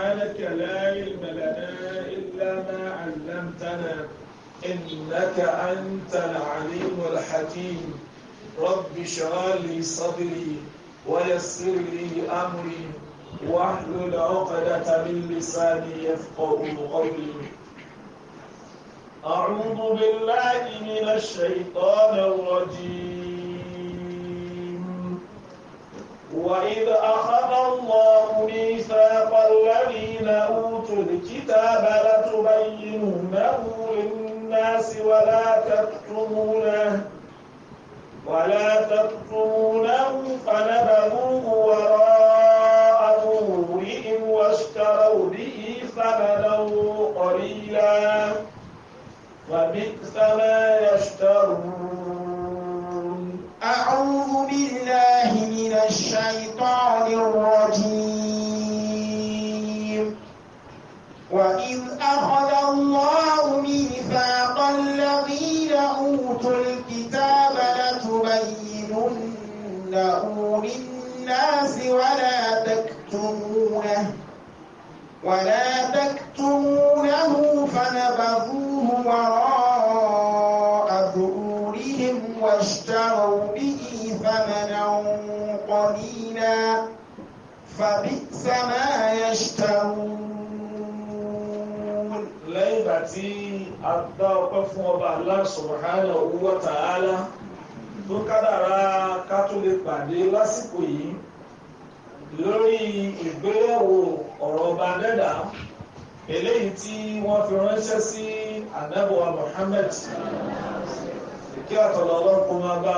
سبحانك لا علم لنا إلا ما علمتنا إنك أنت العليم الحكيم رب اشرح لي صدري ويسر لي أمري واحلل عقدة من لساني يفقه قولي أعوذ بالله من الشيطان الرجيم وإذ أخذ الله ميثاق الذين أوتوا الكتاب لتبيننه للناس ولا تكتمونه ولا تكتمونه فنبذوه وراء ظهورهم واشتروا به ثمنا قليلا وبئس ما يشترون أعوذ بالله من الشيطان الرجيم وإذ أخذ الله ميثاق الذين أوتوا الكتاب لتبيننه للناس ولا تكتمونه ولا تكتمونه فنبذوه وراء واشتروا به ثمنا قليلا فبئس ما يشترون lẹ́yìn ìgbà tí a dá ọpẹ́ fún ọba Allah subhanahu wa ta'ala tó kádàrá ká tó lè pàdé lásìkò yìí lórí ìgbéyàwó ọ̀rọ̀ ọba dẹ́dà eléyìí tí wọ́n fi ránṣẹ́ sí ànábọ̀wá Muhammad kí àtọ̀lọ̀ ọlọ́pọ̀ máa bá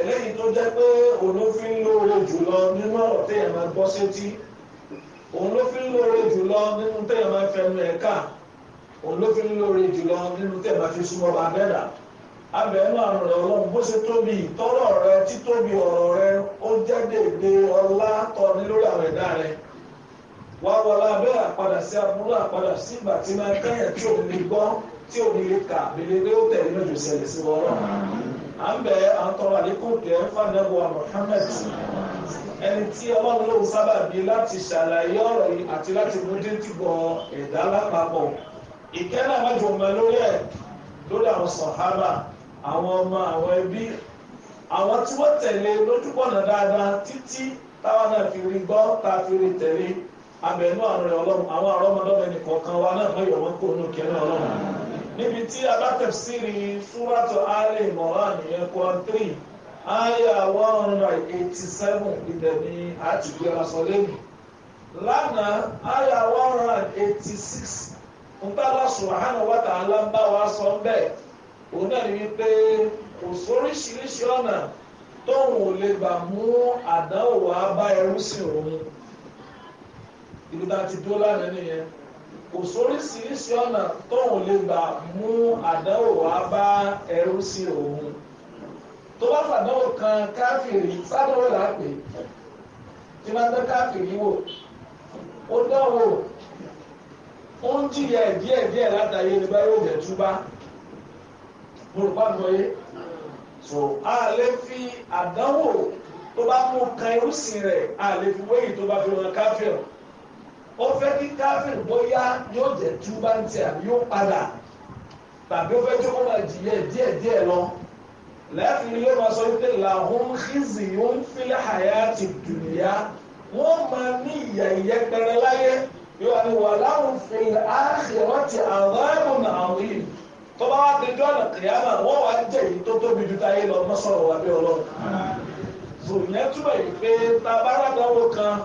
eléyìí tó jẹ́ pé òun ló fi ń lóore jùlọ nínú ọ̀rọ̀ téèyàn máa gbọ́ sétí òun ló fi ń lóore jùlọ nínú téèyàn máa fẹnu ẹ̀ ká òun ló fi ń lóore jùlọ nínú téèyàn máa fi súnmọ́ bá bẹ́ẹ̀dà abẹ́nú àrùn rẹ̀ ọlọ́run bó ṣe tóbi ìtọ́rọ̀ rẹ títóbi ọ̀rọ̀ rẹ ó jẹ́ dèdè ọlá tọ́ni lórí àwọn ẹ̀dá rẹ wá wọlá bẹ́ẹ̀ àpadà sí abúlé àpadà sí ìgbà tí máa kẹ́yìn tí òun ní gbọ́n tí ò ní kà bèlè pé ó tẹ̀lé mẹ́jọ sẹ̀lẹ̀ sí wọ́ọ́rọ́ à ń bẹ̀ à ń tọrọ àlékún kẹ́ fàdébọ̀ Muhammad ẹni tí ọlọ́run lòun sábà bí láti ṣàlàyé ọ̀rọ̀ yìí àti láti mú déńtìgbọ̀ ẹ̀dá lápapọ̀ ìkẹ́ náà mẹ́jọ mọ́ lórí ẹ̀ lórí àwọn sàhábà àwọn ọmọ àwọn ẹbí àwọn tí wọ́n tẹ̀lé lójúbọ̀nà dáadáa títí táwọn náà fi rí gbọ́ tá a fi rí tẹ̀lé abẹnú àrùn rẹ̀ ọlọ́run àwọn àrọ́mọdọ́mọ ẹnì kọ̀ọ̀kan wa náà mọ̀ yọ̀ wọ́n kó nù níbi tí a bá tafsiri súrátù Ali Imran yẹn ni a ti gbé aṣọ lẹ́nu lánàá aya one hundred eighty six ntàlá sọ bẹ́ẹ̀ òun náà ní kò sóríṣiríṣi ọ̀nà tóun ò lè gbà mú àdánwò wá bá ẹrú sí òun ìlú ti dúró lánàá kò sóríṣiríṣi ọ̀nà tóun lè gbà mú àdánwò wá bá ẹrú sí òun tó bá fàdánwò kan káfìrí sádánwò lápè tí máa dán káfìrí wò ó dánwò ó ń jìyà díẹ̀ díẹ̀ látàrí ẹni yóò jẹ̀ túbá mo rò bá nọ yé so a lè fi àdánwò tó bá mú kan irúsìn rẹ̀ a lè fi wéyìí tó bá fi wọn káfíọ̀ ó fẹ́ kí káfíìn bóyá yóò jẹ́ túbá ń tẹ̀ àbí yóò padà tàbí ó fẹ́ kí wọ́n máa jìyẹ díẹ̀ díẹ̀ lọ lẹ́yìn ilé wa sọ wípé làhùn hìzì yóò ń filẹ̀ àyà ti dùnìyà wọ́n máa ní ìyà ìyẹpẹrẹ láyé yóò ní wà láhùn filẹ̀ àṣìwọ́n ti àrùn àwọn yìí tó bá wá di dọ́ọ̀nà kìyàmà wọ́n wá jẹ́ èyí tó tóbi ju táyé lọ mọ́sọ̀rọ̀ wà bí ọlọ́run zòyìn yìí pé tabaradàwọ̀ kan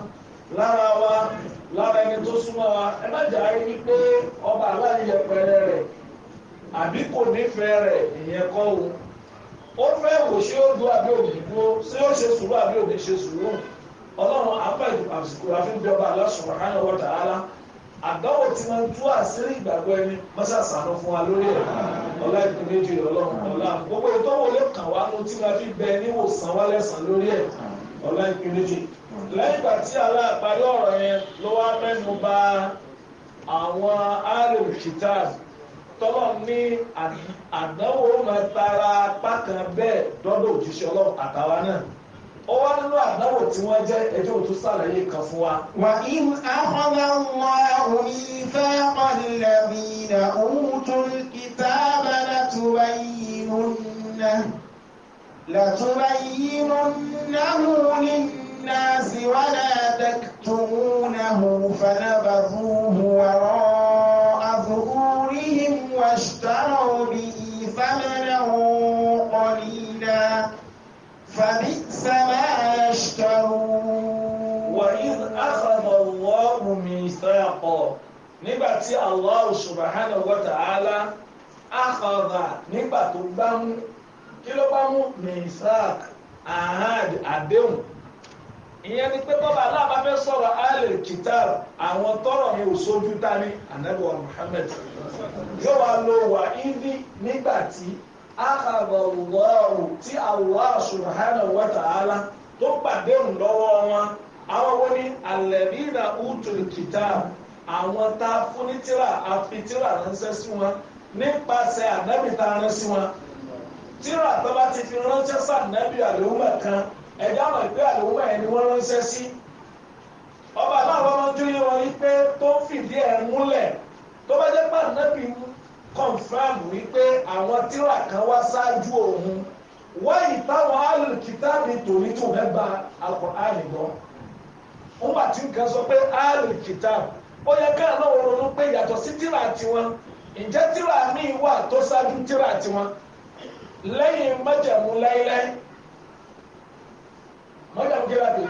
lára wa lára ẹni tó súnmọ́ wa ẹ má jà á rí pé ọba aláìyẹ pẹrẹ rẹ̀ àbí kò nífẹ̀ẹ́ rẹ̀ ìyẹn kọ́ o ó fẹ́ wò ṣé ó dúró àbí òbí dúró ṣé ó ṣe sùúrù àbí òbí ṣe sùúrù ọlọ́run apá àsìkò àfihàn Allah subhanahu wa ta'ala àdánwò tí wọ́n tú àṣírí ìgbàgbọ́ ẹni mọ́ṣáṣánú fún wa lórí ẹ̀ ọlá ìpín méjì ọlọ́run ọlá gbogbo ìtọ́wò lè kàn wá ló tí wọ́n fi bẹ níwòsàn wálẹ̀sàn lórí ẹ̀ ọlá ìpín méjì lẹ́yìn ìgbà tí aláàparí ọ̀rọ̀ yẹn ló wá mẹ́nu bà àwọn alòkìtàb tọ́lọ̀ ní àdánwò máa pákan bẹ́ẹ̀ dọ́dọ̀ òjíṣẹ́ ọlọ́run àtàwa náà ó wá nínú àdánwò tí wọ́n jẹ́ ẹjọ́ òtún sàlàyé kan fún wa. wà á in akhadha Allahu mithaqa alladhina utul kitaba latubayyinunnahu latubayyinunnahu lin الناس ولا تكتمونه فنبذوه وراء ظهورهم واشتروا به ثمنا قليلا فبئس ما يشترون وإذ أخذ الله ميثاقا nígbà tí Allah subhanahu wa ta'ala akhadha nígbà tó bá mú kí ló ìyẹn ni pé tọ́ba aláàbá fẹ́ sọ̀rọ̀ alẹ́ kìtàr àwọn tọrọ mi ò sójú dání anabi wa Muhammad yóò wá lo wà ídí nígbà tí akàbọ̀wọ́ọ̀rù tí Allah subhanahu wa ta'ala tó pàdé ńlọ́wọ́ wọn àwọn wo ni alẹ́bíra utul kìtàr àwọn tá a fún ní tíra àfitìra ránṣẹ́ sí wọn nípasẹ̀ ànábì tá wọn tíra tó bá ti fi ránṣẹ́ sí ànábì àlè ẹ̀dá mọ̀ pé àlùmọ́ ẹ̀ ni wọ́n ránṣẹ́ sí ọba náà wọ́n máa ń dúró wọn wípé tó ń fìdí ẹ̀ múlẹ̀ tó bá jẹ́ pàdé náà fi kọ̀nfàmù wípé àwọn tíra kan wá ṣáájú òun wáyé táwọn alùkìtàbí tó lọ wọ́n bá ti ń kan sọ pé alùkìtàbí ó yẹ káà náà wọ́n ronú pé yàtọ̀ sí tíra tiwọn ǹjẹ́ tíra míì wà tó ṣáájú tíra tiwọn lẹ́yìn mọ́jàmú kí láti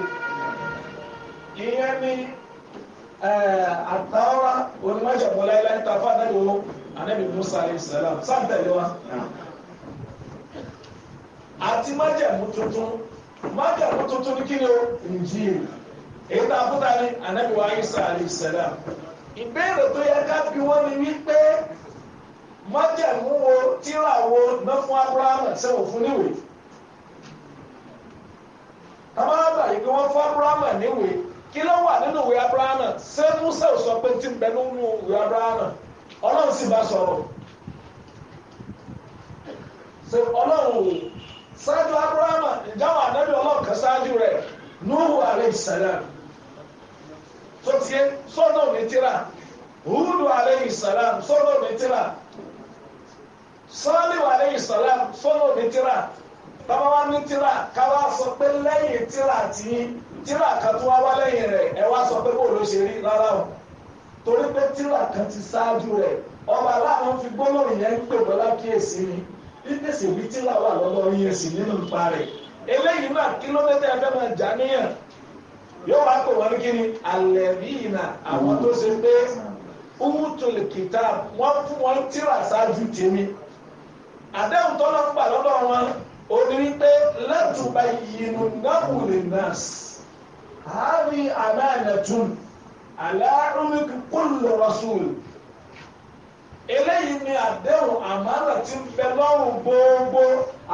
ìyẹn ní àtàwọn onímọ̀ṣẹ̀kọ́ láyé níta fàdánwò anábì musa alayhi salam sáńtẹ̀lé wa àti májàmú tuntun májàmú tuntun ní kíni o Injil èyí tá a fún ta ni wa Isa alayhi salam ìbéèrè tó yẹ ká bí wọ́n ní wípé májàmú wo tíra wo ná fún Abrahamu sẹ́wọ̀n fún níwèé. bàbá àgbà yìí kí wọ́n fọ́ abrahamu níwèé kí ló wà nínú ìwé abrahamu ṣé musa sọ pé tí ń bẹ nínú ìwé abrahamu si ba bá sọ̀rọ̀ ṣe ọlọ́run ṣáájú abrahamu ìjáwọ̀ ànábì ọlọ́run kan ṣáájú rẹ̀ nuhu alayhi salam tó tiẹ̀ sọ́dọ̀ ní tíra hudu tira. salam sọ́dọ̀ ní tíra sọ́ọ́lì alayhi bàbá wa ní tíra ká wá sọ pé lẹ́yìn tíra tí tíra kan tó wá wá lẹ́yìn rẹ̀ ẹ wá sọ pé bóòlù ṣe rí rárá o torí pé tíra kan ti ṣáájú rẹ̀ ọba aláàánú fi gbólóhùn yẹn ń pè bọ́lá kíyèsí ni bíbèsè bí tíra wà lọ́wọ́ yẹn sì nínú ipa rẹ̀ eléyìí náà kílómítà ẹgbẹ́ máa jà níyàn yóò wá pè wọ́n kí ni alẹ́ bíi nà àwọn tó ṣe pé umutuli kitab wọ́n fún wọn tíra ṣáájú tèmi àdéhùn tó lọ́ ń gbà lọ́dọ̀ wọn ó ní wípé látùbà yìnyín náwùlé nọ́ọ̀sì hàbí àmàlẹ́tún aláàrúnmíkì kúlù rasul eléyìí ni àdéhùn àmàlà tí ń bẹ lọ́rùn gbogbo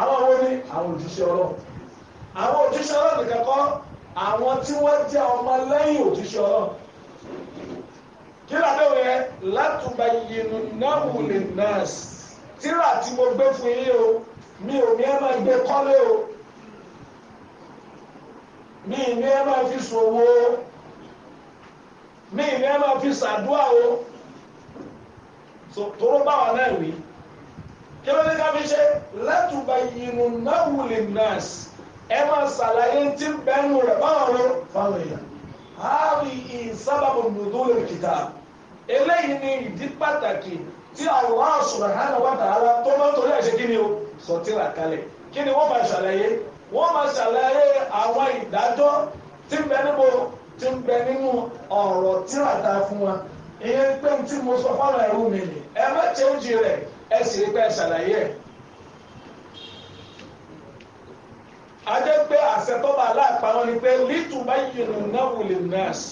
àwọn wo ni àwọn òjíṣẹ́ ọlọ́run àwọn òjíṣẹ́ ọlọ́run nìkan kọ́ àwọn tí wọ́n jẹ́ ọmọ lẹ́yìn òjíṣẹ́ ọlọ́run kíláà lóore látùbà yìnyín náwùlé nọ́ọ̀sì tíra tí mo gbé fún yín o mi ò ní ẹ máa gbé kọ́lé o mi ì ní ẹ máa fi ṣòwò o mi ì ní ẹ máa fi ṣàdúrà o tóró báwa náà wí kí ló dé ká fi ṣe látùbà yìnyín náà wùlé nọ́ọ̀sì ẹ máa ṣàlàyé tí bẹ́ẹ̀nu rẹ̀ báwọn ló fáwọn èèyàn hábi ìsábàbò nùdúró kitab eléyìí ni ìdí pàtàkì tí Allah subhanahu wa ta'ala tó máa ń torí àṣekí ni o sọtíra kalẹ̀ kí ni wọ́n máa ṣàlàyé wọ́n máa ṣàlàyé àwọn ìdájọ́ tí ń bẹ níbo tí ń bẹ nínú ọ̀rọ̀ tíra ta fún wa ìyẹn pé tí mo sọ fáwọn ẹrú mi nì ẹ má ṣe oúnjẹ rẹ ẹ sì rí pé ẹ ṣàlàyé ẹ. ajẹ́ pé àṣetọ́ba aláàpá wọn ni pé lítùbá yìnyín náà wùlé nọ́ọ̀sì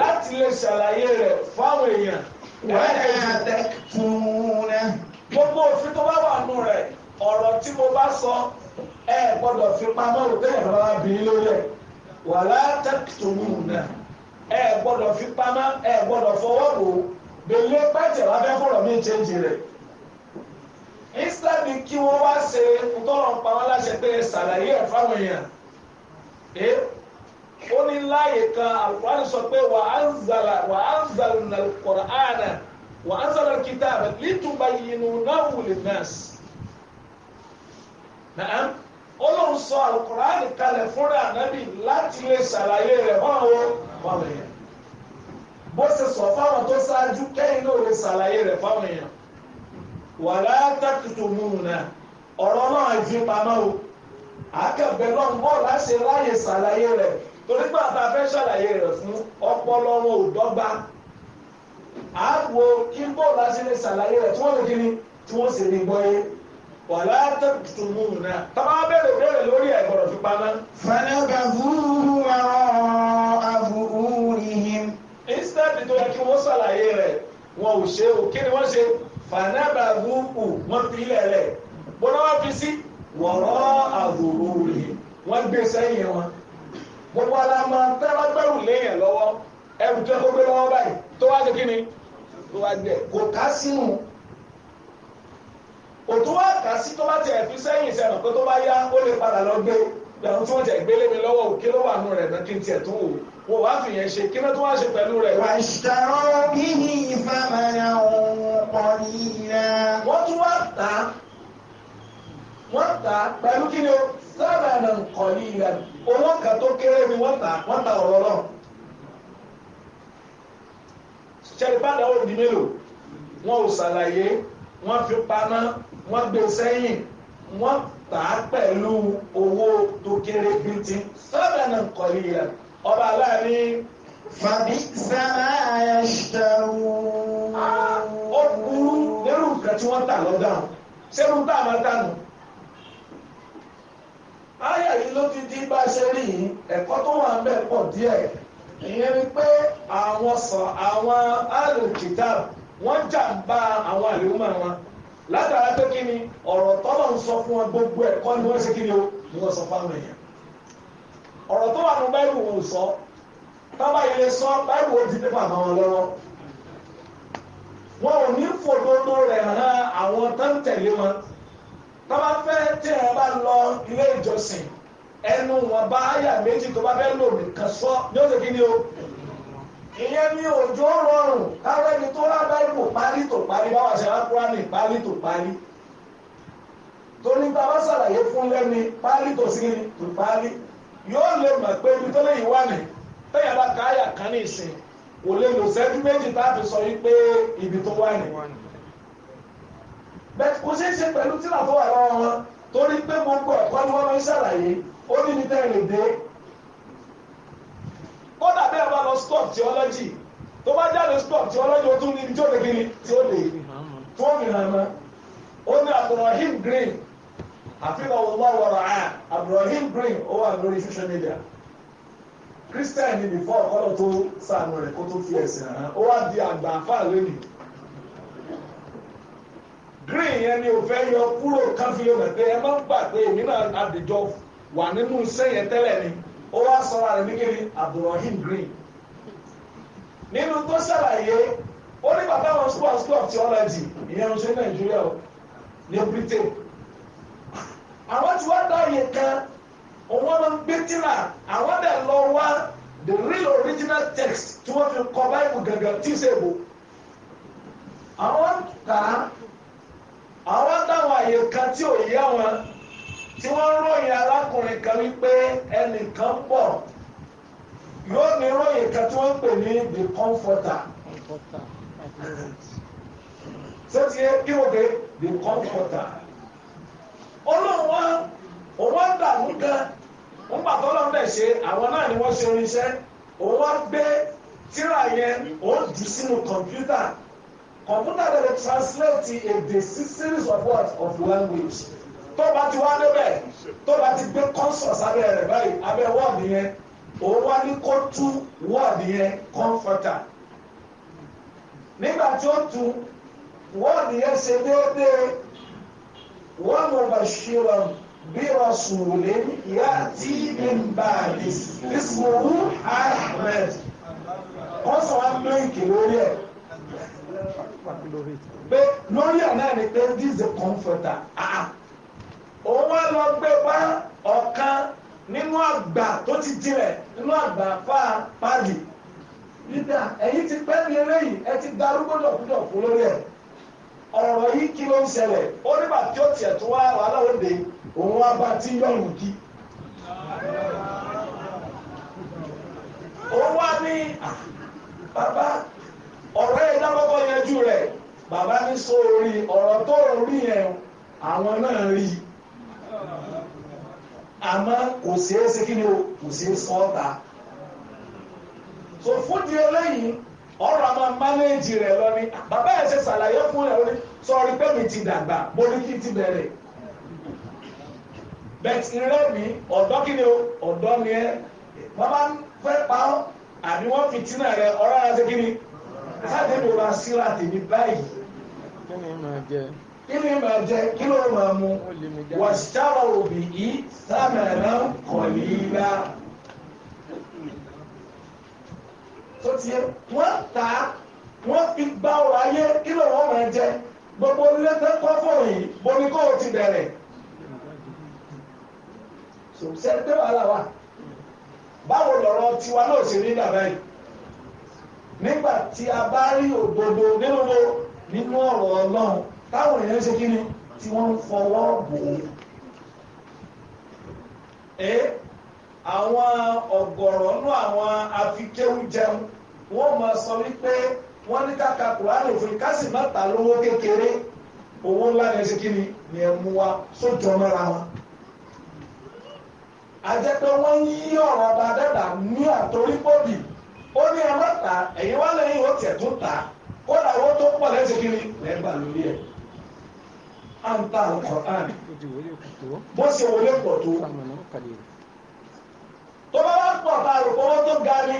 láti lè ṣàlàyé rẹ̀ fáwọn èèyàn. wọ́n ẹ̀ ẹ́ tẹ́ fún gbogbo òfin tó bá wà nù rẹ̀ ọ̀rọ̀ tí mo bá sọ ẹ gbọ́dọ̀ fi pamọ́ òbẹ́ ẹ̀rọ abìnrin lórí ẹ̀ wà látẹ̀tùmù náà ẹ gbọ́dọ̀ fi pamọ́ ẹ gbọ́dọ̀ fọwọ́ bò ó gbèlé pẹ́tẹ̀ wá fẹ́ fọ̀rọ̀ mí chéńjì rẹ̀ instantly kí wọ́n wá ṣe ntọ́rọ̀ ń pa wọ́n láṣẹ pé ṣàlàyé ẹ̀ fáwọn èèyàn ẹ ó ní láàyè kan àlùkùránì sọ pé wà á ń zàlà wà á ń zàlù nàlùkùránì wà á ń zàlù kìtàbà lítùbà náà wùlé nàá ọlọ́run sọ àlùkùránì kalẹ̀ fúnra ànábì láti lè ṣàlàyé rẹ̀ hàn ó fáwọn èèyàn bó ṣe sọ fáwọn tó ṣáájú kẹ́yìn náà lè ṣàlàyé rẹ̀ fáwọn èèyàn wàlá tàkìtò múnà ọ̀rọ̀ náà jí pamọ́ o àkàbẹ̀ náà ń bọ̀ láṣẹ láyè ṣàlàyé rẹ̀ torí pé àbá fẹ́ ṣàlàyé rẹ̀ fún ọpọlọ wọn ò dọ́gba àwo kí bọ́ọ̀lù àṣẹ lè ṣàlàyé rẹ̀ tí wọ́n lè kí ni tí wọ́n sì lè gbọ́ yé wàlá tẹ̀tùmù náà tọ́ba bẹ̀rẹ̀ bẹ̀rẹ̀ lórí ẹ̀gbọ́dọ̀ fi pamọ́. fanaba fúru àwọn afúrúhìn. instead tó yẹ kí wọ́n ṣàlàyé rẹ̀ wọn ò ṣe o kí ni wọ́n ṣe fanaba fúru wọn fi ilẹ̀ rẹ̀ bọ́dọ̀ wọn fi sí wọ̀rọ̀ àfúrúhìn wọn gbé sẹ́yìn wọn. gbogbo ara máa tẹ́lá gbẹ́rù léèyàn lọ́wọ́ ẹrù tó gbé lọ́wọ́ báyìí tó wá ṣe kí ni kò ká sínú kò tó wá kà sí tó bá tiẹ̀ fi sẹ́yìn sẹ́nu pé tó bá yá ó lè padà lọ gbé ìyàwó tí wọ́n tẹ̀ gbélé mi lọ́wọ́ òkè ló wà nù rẹ̀ náà kí n tiẹ̀ tó wò wọ́n wá fi yẹn ṣe kí náà tó wá ṣe pẹ̀lú rẹ̀. wàṣàrọ̀ bí ní ìfàmàlà òun kọ́ nìyà. wọ́n tún wá tà á wọ́n tà á pẹ̀lú kí ni o sábà nà ń nìyà owó kan tó kéré ni wọ́n tà wọ́n tà ọ̀rọ̀ lọ. ṣẹ̀rìbá dáwọ́ di mélòó wọn ò ṣàlàyé wọ́n fi paná wọ́n gbé sẹ́yìn wọ́n tà á pẹ̀lú owó tó kéré bìtì sọ́dọ̀ náà kọ̀ yíyà ọba aláàní. fàbí sábà ṣàrù. Ah, ó burú nínú nǹkan tí wọ́n tà lọ́dà sẹ́nu tá a máa dànù. Báyà yìí ló ti di bá ṣe rí yìí, ẹ̀kọ́ tó wà ń bẹ̀ pọ̀ díẹ̀. Ìyẹn ni pé àwọn sọ àwọn alùkìtà wọ́n jàǹbá àwọn àlèhùnmọ̀ wọn látara pé kí ni ọ̀rọ̀ tọ́lọ̀ ń sọ fún wọn gbogbo ẹ̀kọ́ ni wọ́n ṣe kí ni o ni wọ́n sọ fáwọn èèyàn ọ̀rọ̀ tó wà ní báyìí wọn ò sọ tọ́ba yìí lè sọ báyìí wọn ti dé bàbá wọn lọ́wọ́ wọn ò ní fòdodo rẹ̀ hàn àwọn tó ń tẹ̀lé wọn tọ́ba fẹ́ tẹ̀ ẹ bá lọ ilé ìjọsìn ẹnu wọn bá àyà méjì tó bá fẹ́ lò nìkan sọ ní ó ṣe kí ni o ìyẹn ní òjò rọrùn káwọn ẹni tó lábẹ́ ìbò parí tó parí báwa ṣe rákúrá ní parí tó parí torí tá bá ṣàlàyé fún lẹ́ni parí tó sí ni tó parí yóò lè mọ̀ pé ibi tó lè yí wà ní bẹ́ẹ̀ bá káyà kan ní ìsìn kò lè lò sẹ́jú méjì tá a fi sọ yí pé ibi tó wà ní. bẹ́ẹ̀ kò ṣeé ṣe pẹ̀lú tíra tó wà lọ́wọ́ torí pé gbogbo ẹ̀kọ́ ni wọ́n máa ṣàlàyé ó ní ní tẹ́lẹ̀ dé kódà bẹ́ẹ̀ lọ stop theology tó bá jáde stop theology ó tún ní ibi tí kiri tí ó lè tó mìíràn Green àfihàn ọlọ́wọ́ wọ̀rọ̀ à Abdulrahim Green ó wà lórí social media Christian ni before ọlọ́ tó sànù rẹ̀ kó tó fi ẹ̀sìn hàn ó wá di àgbà lónìí Green yẹn ni ò yọ kúrò káfíńyọ̀ mẹ́tẹ́ ẹ má gbà pé èmi náà àdìjọ wà nínú ni. ó wá sọ̀rọ̀ rẹ̀ wíkẹ́ ní Abdulrahim Green nínú tó ṣàlàyé ó ní bàbá wọn school and school of theology ìyẹn ń ṣe Nàìjíríà o ní Britain àwọn tí wọ́n dá iye kan òun máa ń gbé tírà àwọn dẹ̀ lọ wá the real original text tí wọ́n fi kọ báyìí gàngàn tí ì ṣe èbò àwọn kà á àwọn dáwọn àyè kan tí ò yé àwọn tí wọ́n ròyìn arákùnrin kan wípé ẹnìkan bọ̀ yóò ní ròyìn kan tí wọ́n pè ní the comforter sẹ́tì yẹ kí wọ́n pè the comforter olóńgbò òun wá dààmú gan ń pàtó ọlọ́run dẹ̀ ṣe àwọn náà ni wọ́n ṣe oríṣẹ́ òun wá gbé tíra yẹn òun jù sínú kọ̀mpútà kọ̀mpútà dẹ̀ lè translate a series of words of language tó bá ti wá débẹ̀ tó bá ti gbé consort abẹ́ rẹ̀ báyìí abẹ́ wọ́ọ̀dì yẹn òun wá ní kó tú wọ́ọ̀dì yẹn comforter nígbà tí ó tú wọ́ọ̀dì yẹn ṣe déédéé wọ́n mú bàṣírọ̀ bí rasulẹ̀ yá tí bímbà ìsìnkú ahmed kọ́sọ̀ wá bíríkì lórí ẹ̀ pé lórí ẹ̀ náà ni pé this is a comforter. Ah. ah òun wá lọ gbé wá ọ̀kan nínú àgbà tó ti dirẹ̀ nínú àgbà fa pálí nígbà ẹ̀yìn ti pẹ́ ní eré ẹ ti darúgbó dọ̀kúdọ̀ fún lórí ẹ̀ ọ̀rọ̀ yìí kí ló ń ṣẹlẹ̀ ó nígbà tí ó tiẹ̀ tó wá wàhálà òde òun wá bá tí yọ̀rù kí. òun wá ní bàbá ọ̀rọ̀ yẹn dákọ́kọ́ yanjú rẹ̀ bàbá ní sórí ọ̀rọ̀ tó rí yẹn àwọn náà rí i àmọ́ kò ṣeé ṣe kí ni o kò ṣeé sọ ọ́ ta so fún di eléyìí ọ̀rọ̀ àmọ́ mánéèjì rẹ̀ lọ ni bàbá ẹ̀ ṣe ṣàlàyé fún ẹ̀ lórí sọ̀rí pé mi ti dàgbà mo ní kí n ti bẹ̀rẹ̀ bẹ́ẹ̀ ti rẹ́ mi ọ̀dọ́ kí ni o ọ̀dọ́ ni ẹ wọ́n bá ń fẹ́ pa ọ́ àbí wọ́n fi tínà rẹ ọ̀rọ̀ ara kí ni sáà tẹ́lẹ̀ o bá síra tèmi báyìí kí ni máa jẹ kí ló máa mu wàṣítàrọ̀ òbí yìí sámẹ̀rẹ̀ kọ̀lìlá. tó ti yẹ wọ́n tà á wọ́n fi gbá ọ̀rọ̀ ayé kí ló wọ́n máa jẹ gbogbo onílé tó kọ́ fóònù yìí bomi kó o ti bẹ̀rẹ̀. sọ̀rọ̀ pé wàhálà wà báwo lọ̀rọ̀ tiwa náà ṣe rí dàbá yìí nígbà tí a bá rí òdodo nínú ọ̀rọ̀ Ọlọ́run táwọn èèyàn ṣe kí ni tí wọ́n ń fọwọ́ bò ó ẹ́ àwọn ọ̀gọ̀rọ̀ nú àwọn afikéwú jẹun wọ́n máa sọ wípé wọ́n ní kàkà kùránì òfin kásì má lówó kékeré owó ńlá ni ṣe kí ni ni ẹ mú wa sójú ọmọ ra wọn. àjẹpẹ́ wọ́n ń yí ọ̀rọ̀ ọba dẹ́dà ní àtòrí bòdì ó ní ẹ má ẹ̀yin wá lẹ́yìn ó tiẹ̀ tún ta kódà owó tó pọ̀ lẹ́sìn kí ni lẹ́gbàá lórí ẹ̀ à ń ta alukur'an bó ṣe wọlé pọ̀ tó tó bá wá pọ̀ tá àrùkọ́ wọn tó ga ni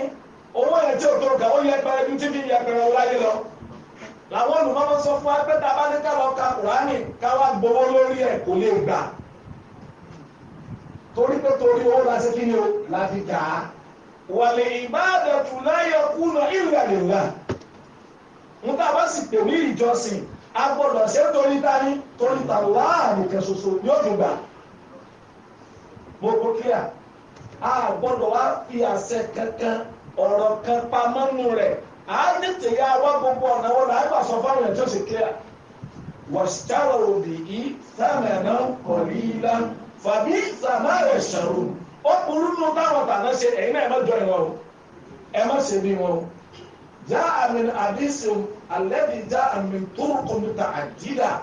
owó yẹn tí o tó ga ó yẹ pẹ́ ibi tí mi yẹ pẹ̀rẹ̀ láyé lọ làwọn olùmọ́mọ́ sọ fún wa pé tá bá ní ká ka kùránì ká wá lórí ẹ̀ kò lè gbà torí pé torí owó la ṣe kí ni o la fi gbà á wàlẹ̀ ìbáàdàtù láyọ̀ kùnà ìlú àlèlà ń tá sì pè ní ìjọsìn a gbọ́dọ̀ ṣe torí tani torí tàwa nìkan ṣoṣo ní òdùn gbà mo kó kíá a gbọ́dọ̀ wá fi àṣẹ kankan ọ̀rọ̀ kan pamọ́ nù rẹ̀ a ní tèyà wá gbogbo ọ̀nà wọn là á gbà sọ fáwọn ẹ̀ tó ṣe kíá wàṣítàrọ̀ òbí yìí sàmẹ̀nà kọ̀lí ilá fàbí sàmẹ̀rẹ̀ ṣàrò ó burú nù táwọn tàná ṣe ẹ̀yin náà ẹ̀ jọ ìwọ̀n o ṣe bí wọn جاء من حديث الذي جاء من طرق متعددة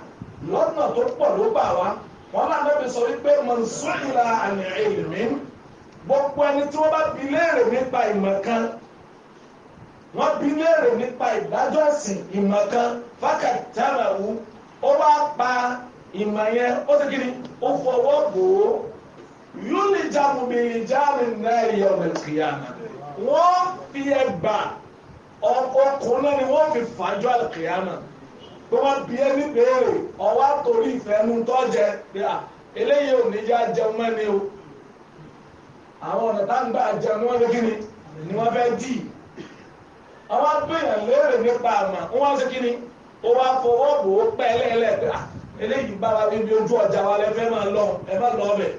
لọ́nà tó pọ̀ wá wọn náà lẹ́bi sọ wípé mọ̀nsúìlà àmì ìlmí gbogbo ẹni tí wọ́n bá bi léèrè nípa ìmọ̀ kan wọ́n bi léèrè nípa kan fákà ó wá pa ìmọ̀ yẹn ó ti kiri ó fọwọ́ bò ó náà yẹ fi ẹgbàá. ọkùnrin náà ni wọ́n fi fàájọ́ àlùkìyàmà pé wọ́n bí ẹni béèrè ọwọ́ àtòrí ìfẹ́nu tọ́jẹ pé à eléyìí ò ní já jẹun mẹ́ni o àwọn ọ̀nà tá ń gbà jẹun ni wọ́n fi kí ni ni wọ́n fẹ́ dì í àwọn agbèyàn léèrè nípa àmà wọ́n ṣe kí ni ó wá fọwọ́ bò ó pẹ́ lẹ́lẹ́ pé à eléyìí bá wa níbi ojú ọjà wa lẹ́fẹ́ máa lọ ẹ má lọ ọbẹ̀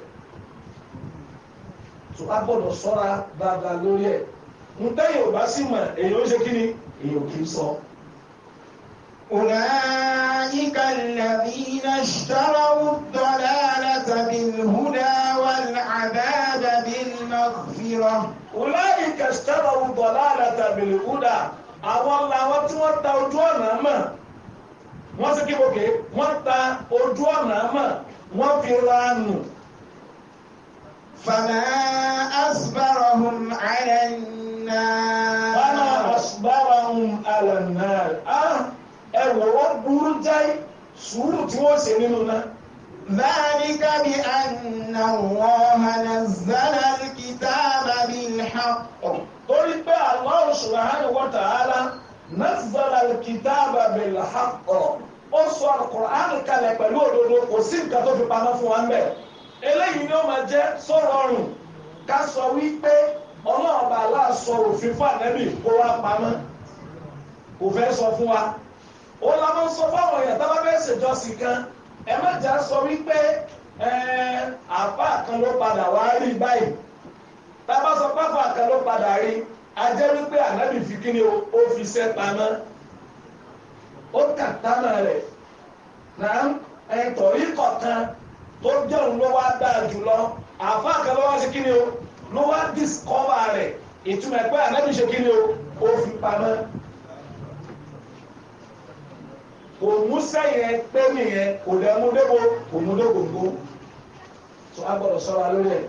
tó a gbọ́dọ̀ sọ́ra dáadáa lórí ẹ̀ ntẹ́yìn ò bá sì mọ̀ èyàn ó ṣe kí ni èyàn kì í sọ. أولئك الذين اشتروا الضلالة بالهدى والعذاب بالمغفرة أولئك اشتروا الضلالة بالهدى àwọn làwọn tí wọ́n ta ojú ọ̀nà mọ̀ wọ́n sì kíkókè wọ́n ta ojú ọ̀nà mọ̀ wọ́n fi ra nù. فما أصبرهم على النار وما أصبرهم على النار آه ẹ̀wọ̀wọ́ burú jáì sùúrù tí wọ́n ṣe nínú náà. ذلك بأن الله نزل الكتاب بالحق. torí pé Allah subhanahu wa ta'ala نزل الكتاب بالحق. ó sọ al kalẹ̀ pẹ̀lú òdodo kò sí nǹkan tó fi pamọ́ fún wa ń bẹ̀. eléyìí ni ó máa jẹ́ sọ̀rọ̀ ọ̀rùn ká sọ wípé ọlọ́run bá aláàsọ òfin fún ànẹ́bì kó wá pamọ́ kò fẹ́ sọ fún wa ó la máa ń sọ fáwọn èèyàn tá a bá fẹ́ ṣèjọsìn kan ẹ má jà sọ wípé àfa kan ló padà wá rí báyìí tá a bá sọ pé àfa kan ló padà rí a jẹ́ wípé ànẹ́bì fi kí ni ó fi ṣẹ́ pamọ́ ó kàtánà rẹ̀ náà ẹ̀tọ́ rí kọ̀ọ̀kan tó jẹ́ òun ló wá dáa jùlọ àfa kan ló wá sí kí o ló wá discover rẹ̀ ìtumọ̀ ẹ̀ pé ànábì ṣe kí ni o ó fi pamọ́ kò mú sẹ́yìn pé nìyẹn kò lè mú débò kò mú débò ńgó tó a gbọ́dọ̀ sọ́ra lórí ẹ̀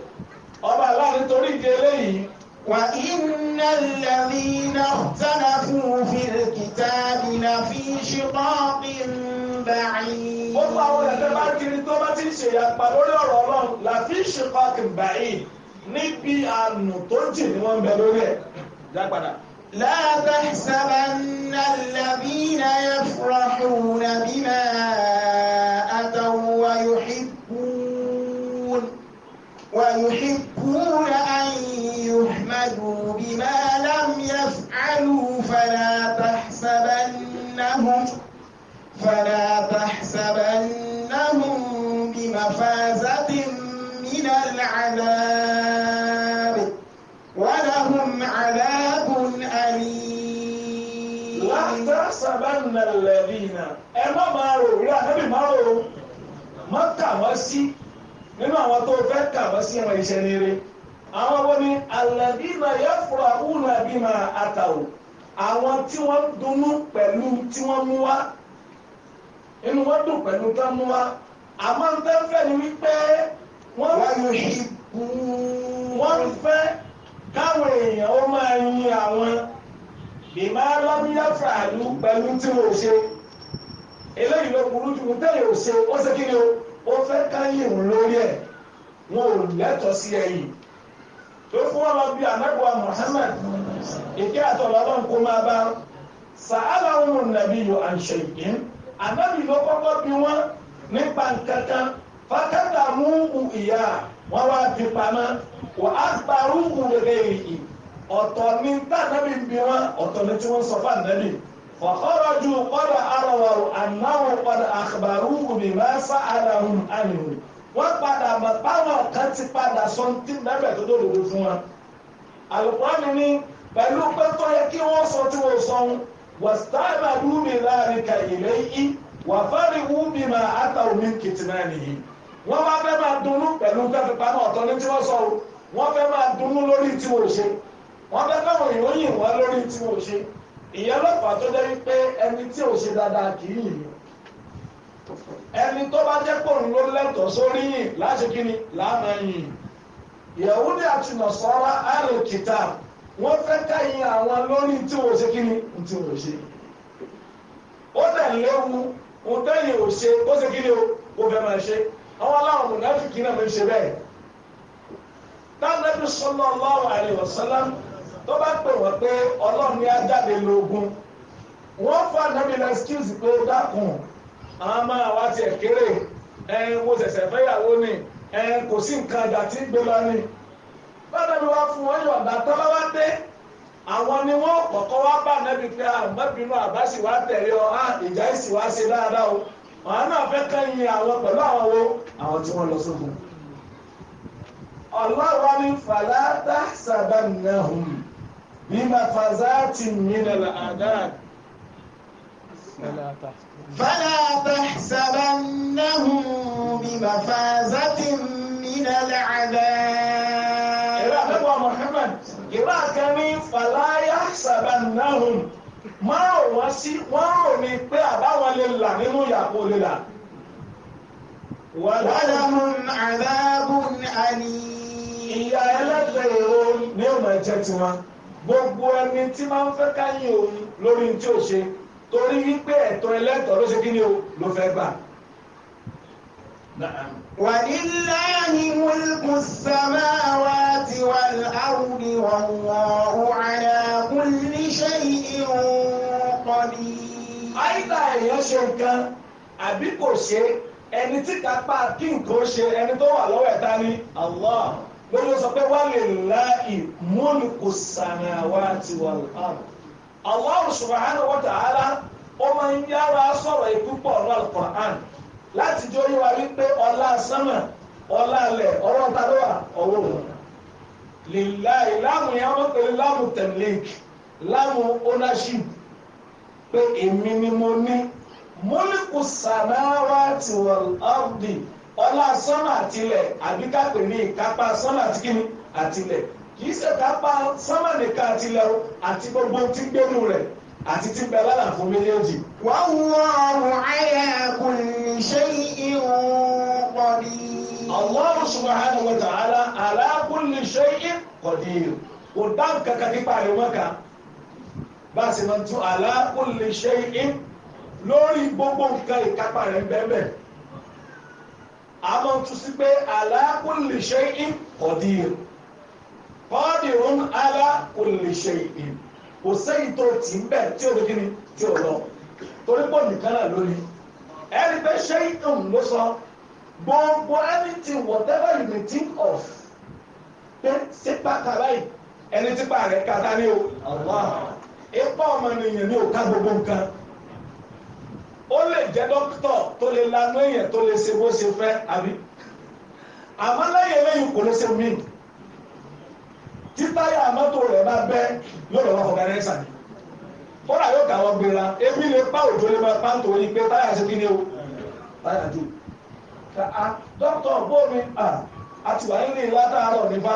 ọba aláàánú torí ìdí eléyìí. wà iná lẹ́mí náà tánà fún òfin kìtàbí náà fi ṣùpọ́ọ̀pì ń báyìí. ó fún àwọn ẹ̀fẹ́ bá kiri tó bá ti ń ṣèyàpá lórí ọ̀rọ̀ ọlọ́run làfi ṣùpọ́ọ̀pì ń báyìí níbi àánú tó jì ní wọ́n ń bẹ lórí ẹ̀ lápadà. لا تحسبن الذين يفرحون بما أتوا ويحبون ويحبون أن يحمدوا بما لم يفعلوا فلا تحسبنهم فلا تحسبنهم بمفازة من العذاب ولهم عذاب أليم لا تحسبن الذين أما ما رو لا نبي ما رو ما كمسي nínú àwọn tó fẹ́ kàwé sí àwọn ìṣẹ̀lẹ̀ rẹ̀ àwọn wọn ni alladina yafrahuna bima ataw àwọn tí wọ́n dunnú pẹ̀lú tí wọ́n mú wá inú wọn dùn pẹ̀lú tí wọ́n mú wá àmọ́ ń tẹ́ fẹ́ ni wípé wọ́n ń fẹ́ káwọn èèyàn ó máa yin àwọn bìmá lọ́bíyá fàálù pẹ̀lú tí wọ́n ò ṣe eléyìí ló burú jù tẹ́lẹ̀ ò ṣe ó ṣe kí ni ó fẹ́ káyìn lórí ẹ̀ wọn ò lẹ́tọ̀ọ́ sí ẹ̀yìn tó fún wọn lọ bí anábọ̀ Muhammad ìké àtọ̀lọ́ ọlọ́run kó máa bá sàálà ọmọ nàbí yọ àǹṣẹ̀yìn anábì ló kọ́kọ́ bí wọ́n nípa nǹkan kan fàkàtà mú ìyá wọn wá ti pamọ́ wà á parú ìwúrẹ́ yìí ọ̀tọ̀ ní tàbí bí wọn ọ̀tọ̀ ní tí wọ́n sọ fún ànábì ọ̀kọ́rọ̀ ju kọ́dà arọ̀wọ̀rọ̀ ànáwọ̀ kọ́dà àkàbàrú òbí máa sá ara hùn ànìhùn wọ́n padà mọ̀ báwọn kan ti padà sọ tí bẹ́ẹ̀ tó dòdòdò fún wọn. àlùkòrán ni pẹ̀lú pé yẹ kí wọ́n sọ tí wọ́n sọ wọ́n sábà wọ́n bá fẹ́ máa dunnú pẹ̀lú fẹ́fipá náà ọ̀tọ̀ ní tí wọ́n sọ o wọ́n fẹ́ máa dunnú lórí tí wọ́n ṣe wọ́n fẹ́ káwọn èèyàn yìn wọ́n lórí tí wọ́n ṣe ìyẹn lọ́pàá tó jẹ́ wípé ẹni tí ò ṣe dáadáa kì í yìn ẹni tó bá jẹ́ pòun ló lẹ́tọ̀ọ́ sórí yìn láti kíni láàmú yìn ìyàwó ní àtúnà sọ́ra àrùn kìtà wọ́n fẹ́ ká yìn àwọn lórí tí wọ́n ṣe kíni tí wọ́n ṣe ó dẹ̀ léwu òun tẹ́yìn ò ṣe ó ṣe kíni o ó fẹ́ máa ṣe àwọn aláwọ̀ mùnàfíkì náà fi ṣe bẹ́ẹ̀ dáńdẹ́bí sallallahu alaihi wasallam tó bá pè wọ́n pé ọlọ́run ní ajáde lóògùn wọ́n fún ànábì náà skills pé ó dákun àwọn máa wá tiẹ̀ kéré ẹ̀ẹ́n mo ṣẹ̀ṣẹ̀ fẹ́yàwó ni ẹ̀ẹ́n kò sí nǹkan àjà tí ń gbé lọ ni báńdẹ́bí wá fún wọn yọ̀ǹda tó bá wá dé àwọn ni wọ́n kọ́kọ́ wá bá ànábì pé àmọ́bìnú ah, àbá wá tẹ̀lé ọ ah, àwọn náà fẹ́ kẹ́yìn àwọn pẹ̀lú àwọn wo àwọn tí wọ́n lọ sókun ọlọ́wà ní fàlàtà sàbànàhùn bí mafazati minal adad fàlàtà sàbànàhùn bí mafazati minal adad. ìrọ̀ àbẹ̀wò Muhammad ìrọ̀ àkẹ́mi fàlàyà sàbànàhùn wọ́n rò wọ́n sí wọ́n rò ní pé àbáwọn lè là nínú ìyàpò lè là. wàlámùn àdábùn àní. ìyá ẹlẹ́gbẹ̀ẹ́ òun ní ọmọ ẹ̀jẹ̀ tiwọn gbogbo ẹni tí máa ń fẹ́ káyìn òun lórí tí ó ṣe torí wípé ẹ̀tọ́ ẹlẹ́tọ̀ọ́ ló ṣe kí ni o ló fẹ́ gbà. ولله ملك السماوات والأرض والله على àyíká èèyàn ṣe nǹkan àbí kò ṣe ẹni tí kápá kí nǹkan ṣe ẹni tó wà lọ́wọ́ ẹ̀ta ni Allah lórí sọ pé wà lè láì múlù kò samawati wal ard. Allah subhanahu wa ta'ala ó máa ń yára sọ̀rọ̀ ìpúpọ̀ ọ̀rọ̀ al-Qur'an láti jó yíwa wípé ọlá sánmà ọlá alẹ̀ ọwọ́ tadọ́wà ọwọ́ wọn. lìláì láàmù yẹn wọ́n pè láàmù tẹ̀lẹ́k láàmù ownership pé èmi ni mo ní múlíkù sàmáwá ti wọ̀l ọ́ọ̀dì ọlá sọ́nà àtìlẹ̀ àbí kápẹ́ ní ìkápá sọ́nà àti kíni àtìlẹ̀ kì í ṣèkápá sọ́nà nìkan àtìlẹ̀ o àti gbogbo tí gbẹ́nu rẹ̀ àti tí bẹ lára fún méjèèjì. wọ́n wọ ọ̀rùn ayé kùnì ṣé ìhun pọ̀lì. Allah subhanahu wa ta'ala ala kulli kò dá nǹkan kan nípa àríwọ̀n kan bá a sì máa tún àlá kò lè ṣe é lórí gbogbo nǹkan ìkápá rẹ̀ bẹ́ẹ̀ a máa tún sí pé àlá kò lè ṣe é kọ̀dí rẹ̀ kọ́ọ̀dì òun àlá kò lè ṣe é kò sẹ́yìn tó tì ń bẹ̀ tí ò ní kíni tí ò lọ torí pọ̀ nìkan náà lórí ẹni pé ṣé ìtàn ló sọ gbogbo anything whatever you may think of pé ṣé pàtàkì ẹni tí pàrẹ̀ kàtà ní o. ọmọ ọmọnìyàn ní òká gbogbo nǹkan ó lè je dókítọ̀ tó lè lanú èèyàn tó lè ṣe bó ṣe fẹ́ àbí àmọ́ lẹ́yìn eléyìí kò lè ṣe mí títáyà mọ́tò rẹ̀ bá bẹ́ yóò lọ́wọ́ yóò kà gbéra ebi lè pa òjò lè máa ni o táyà nípa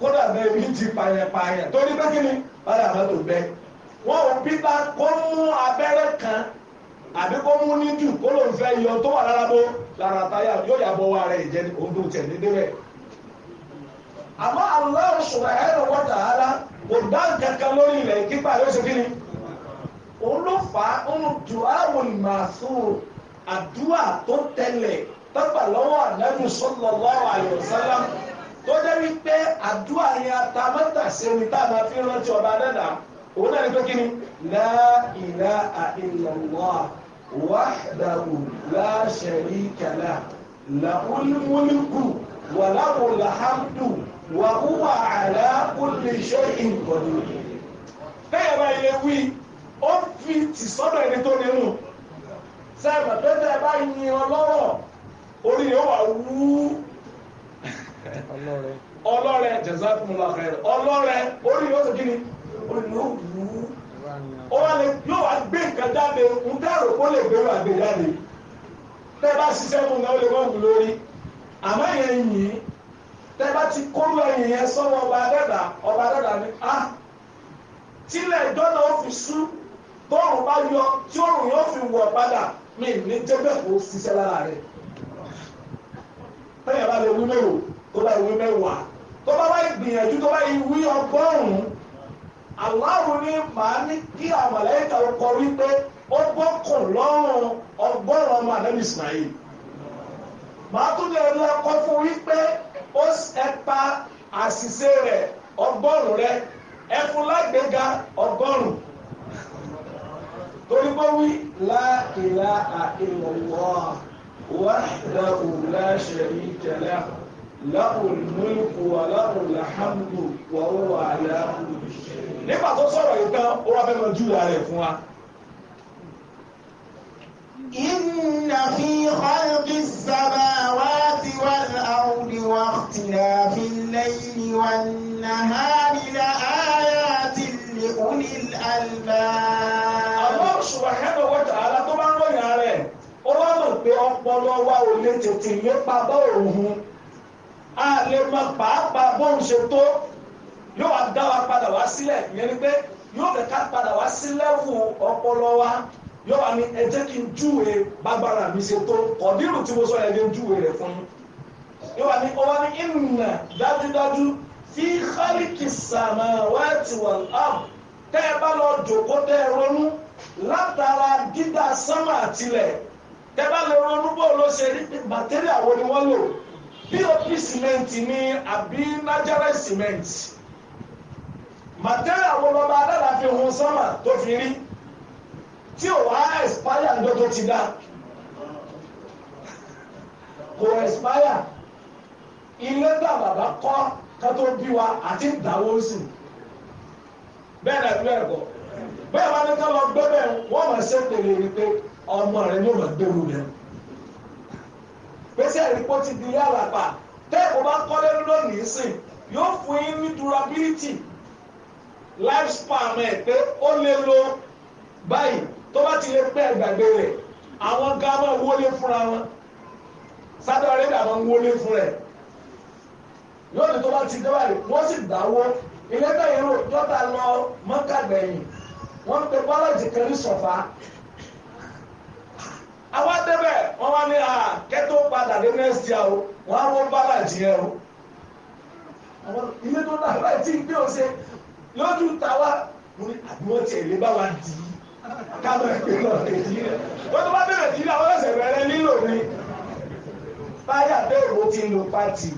kódà bí ti pààyàn pààyàn wọn ò bí bá kó mú abẹ́rẹ́ kan àbí kó mú níjù kó ló ń fẹ́ yọ tó wà lára bó lára táyà yóò yàbọ̀ wa rẹ̀ ìjẹ́ ojú tẹ̀ ní débẹ̀. àmọ́ Allah subhanahu wa ta'ala kò dá nǹkan kan lórí ilẹ̀ kípa yóò ṣe kíni. òun ló fà á ń du àwọn màsúù àdúrà tó tẹlẹ̀ tọ́gbà lọ́wọ́ ànábì sallallahu alaihi wasallam tó dẹ́ wípé àdúrà yẹn atamátàsẹ́ni tá a máa fi rántí ọba náà òun náà ní pé kí ni la ilaha illallah wahdahu la sharika lah lahul mulku wa lahul hamdu wa huwa ala kulli shay'in qadir. bẹ́ẹ̀ bá ilé wí ó fi tì sọ́dọ̀ ẹni tó nínú sáàbà tó tẹ́ bá yin ọlọ́rọ̀ orí yóò wà wú ọlọ́rẹ̀ jazaakumullahu khair ọlọ́rẹ̀ orí yóò sọ kí òní ó wù ú ó wà lè yóò wá gbé nǹkan jáde ń dárò kó lè gbèrò àgbè jáde tẹ́ bá ṣiṣẹ́ fún náà ó lè wọ́n wù lórí àmọ́ yẹn yìí tẹ́ bá ti kó lẹ́yìn yẹn sọ́wọ́ ọba dẹ́dà ọba dẹ́dà ni a ah, tílẹ̀ ìjọ́nà ó fi sú tóòrùn bá yọ tí òòrùn yóò fi wọ̀ padà mi ní jẹ́gbẹ́ kó ṣiṣẹ́ lára rẹ̀ tẹ́yìn bá lè wí mẹ́wò tó bá wí mẹ́wàá tó bá wá gbìyànjú tó bá yí wí ọgọ́rùn-ún aláwo ni màá ní kí àmàlẹ́kà kọ wípé ó gbọ́kàn lọ́rùn ọgọ́rùn ọmọ ànábì Ismail màá tún lè rí ọkọ fún wípé ó ẹpa àṣìṣe rẹ̀ ọgọ́rùn rẹ̀ ẹfun lágbèéga ọgọ́rùn torí bó wí la ilaha illallah wahdahu la sharika láhùn múlùkù wà láhùn làhámù wà ó wà láhùn. nígbà tó sọ̀rọ̀ yìí ó wá fẹ́ mọ rẹ̀ fún wa. إن في خلق السماوات والأرض واختلاف الليل والنهار لآيات لأولي الألباب الله سبحانه وتعالى tó bá ń ròyìn ààrẹ ó wá mọ̀ lè tètè a lè mọ pàápàá bọ́ọ̀lù ṣe tó yóò wá dá wa padà wá sílẹ̀ ìyẹn ni pé yóò fẹ́ ká padà wá sí lẹ́wù ọpọlọ wa yóò wá ní ẹ jẹ́ kí n júwe bágbára mi ṣe tó kọ̀dírù tí mo sọ yẹn ní júwe rẹ̀ fún mi yóò wá ní ó ní ìnà dájúdájú fi xálíkì sàmà wáàtì wà lám tẹ́ ẹ bá lọ jòkó tẹ́ ẹ ronú látara dídá sánmà àtìlẹ̀ tẹ́ bá lọ ronú bó ló ṣe rí bàtẹ́rì àwọn ni wọ́n lò pop cement ní àbí natural cement material wo lọ́ba adára fi hun sánmà tó fi rí tí ò wá expire ǹjọ́ tó ti dá kò expire ilé tá bàbá kọ́ ká tó bí wa àti ìdáwó sí bẹ́ẹ̀ náà bẹ́ẹ̀ kọ́ bẹ́ẹ̀ wá ní ká lọ gbẹ́bẹ̀ wọ́n máa ṣe pèlè ni pé ọmọ rẹ̀ ló máa gbẹ́rù rẹ̀ gbèsè ìrìpọ̀ ti di ilé àràpà tẹ́ ò bá kọ́lé lónìí sìn yóò fún yín ní durability life span ẹ̀ pé ó lè lo báyìí tó bá ti lè pẹ́ ìgbàgbé rẹ̀ àwọn gámà wọlé fúnra wọn sáré ọ̀rẹ́ dà wọn wọlé fún rẹ̀ yóò ní tó bá ti dé báyìí wọ́n sì dáwọ́ ilé bẹ́ẹ̀ yẹn lò jọ́ta lọ mọ́kàgbẹ̀yìn wọ́n pe bọ́lá ìdíkẹ́rì sọ̀fà àwa débẹ̀ wọ́n wá ní kẹ́tó padà dé next o wọ́n á wọ́n bá làjì yẹn o ilé tó dá láì tí ń gbé ọ̀sẹ̀ lójú tàwa mo ní àdúrà tiẹ̀ lé bá wa dì í kábọ̀ ẹgbẹ́ lọ nàìjíríà wọ́n tó bá bẹ̀rẹ̀ nàìjíríà wọ́n lọ́sẹ̀ bẹ̀rẹ̀ nílò ni báyà bẹ́ẹ̀ ló ti ń lo pátì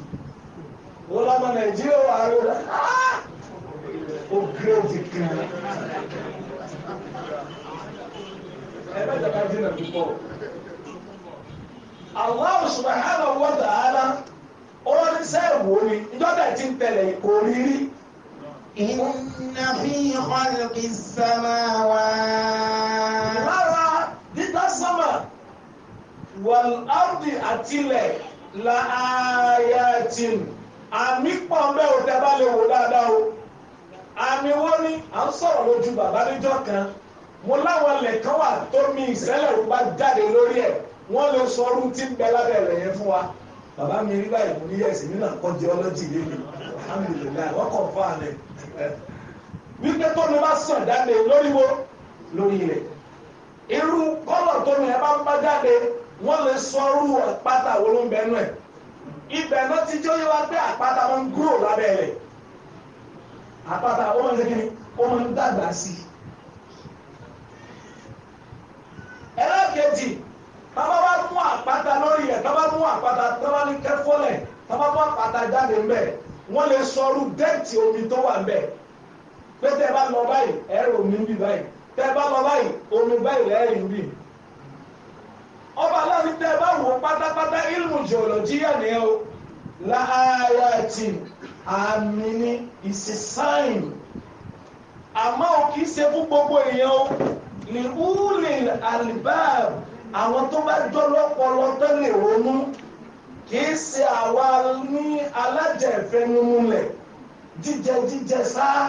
wọ́n lọ́mọ nàìjíríà wà á rẹ̀ ó gírèjì kan ẹ̀mẹ́jọ ká jìnnà jù pọ̀. Allah subhanahu wa ta'ala ó ní sẹ́ẹ̀ wò ni ìjọba ti ń tẹ̀lé kò rí rí. Inna fi khalqi samawati. Lára dídá sọ́mà wal ardi àtilẹ̀ la ayatin àmì pọ̀ bẹ́ẹ̀ ò tẹ́ bá lè wò dáadáa o. Àmì wo ni à ń sọ̀rọ̀ lójú bàbá níjọ́ kan. mo láwọn ilẹ̀ kan wà tó mi jáde lórí ẹ̀ wọ́n lè sọ ọdún tí ń bẹ lábẹ́ rẹ̀ yẹn fún wa bàbá mi rí báyìí mo ní yẹ̀sì nínú àkọ́jẹ́ ọlọ́jì lé mi alhamdulilayi wọ́n kàn fún wípé tó ní bá jáde lórí wo lórí rẹ̀ irú kọ́lọ̀ tó ní ẹ jáde wọ́n lè sọ àpáta wo ló ń bẹnu ẹ̀ ibẹ̀ náà ti jẹ́ pé àpáta wọn ẹlẹ́ẹ̀kejì bàbá wa mú àpáta lórí ẹ̀ bàbá mú àpáta bàbá ní kẹfọ́lẹ̀ bàbá mú àpáta jáde ń bẹ̀ wọ́n lè sọrú dẹ́ẹ̀tì omi tó wà ń bẹ̀ pé tẹ́ ẹ bá lọ báyìí ẹ̀rọ omi ń bì báyìí tẹ́ ẹ bá lọ báyìí omi báyìí lẹ́yìn ń bì ọba aláàfin tẹ́ ẹ bá wò pátápátá ilmu jòlòjíyà nìyẹn o láàyàtì àmì ní ìsísáìn àmọ́ ò kì í ṣe fún gbogbo èèyàn o. Ni úlè àlìbáàbù àwọn tó bá jọ lọ́pọlọ tó lè ronú kìí ṣe àwa ní alájà ìfẹnumulẹ̀ jíjẹ jíjẹ sáá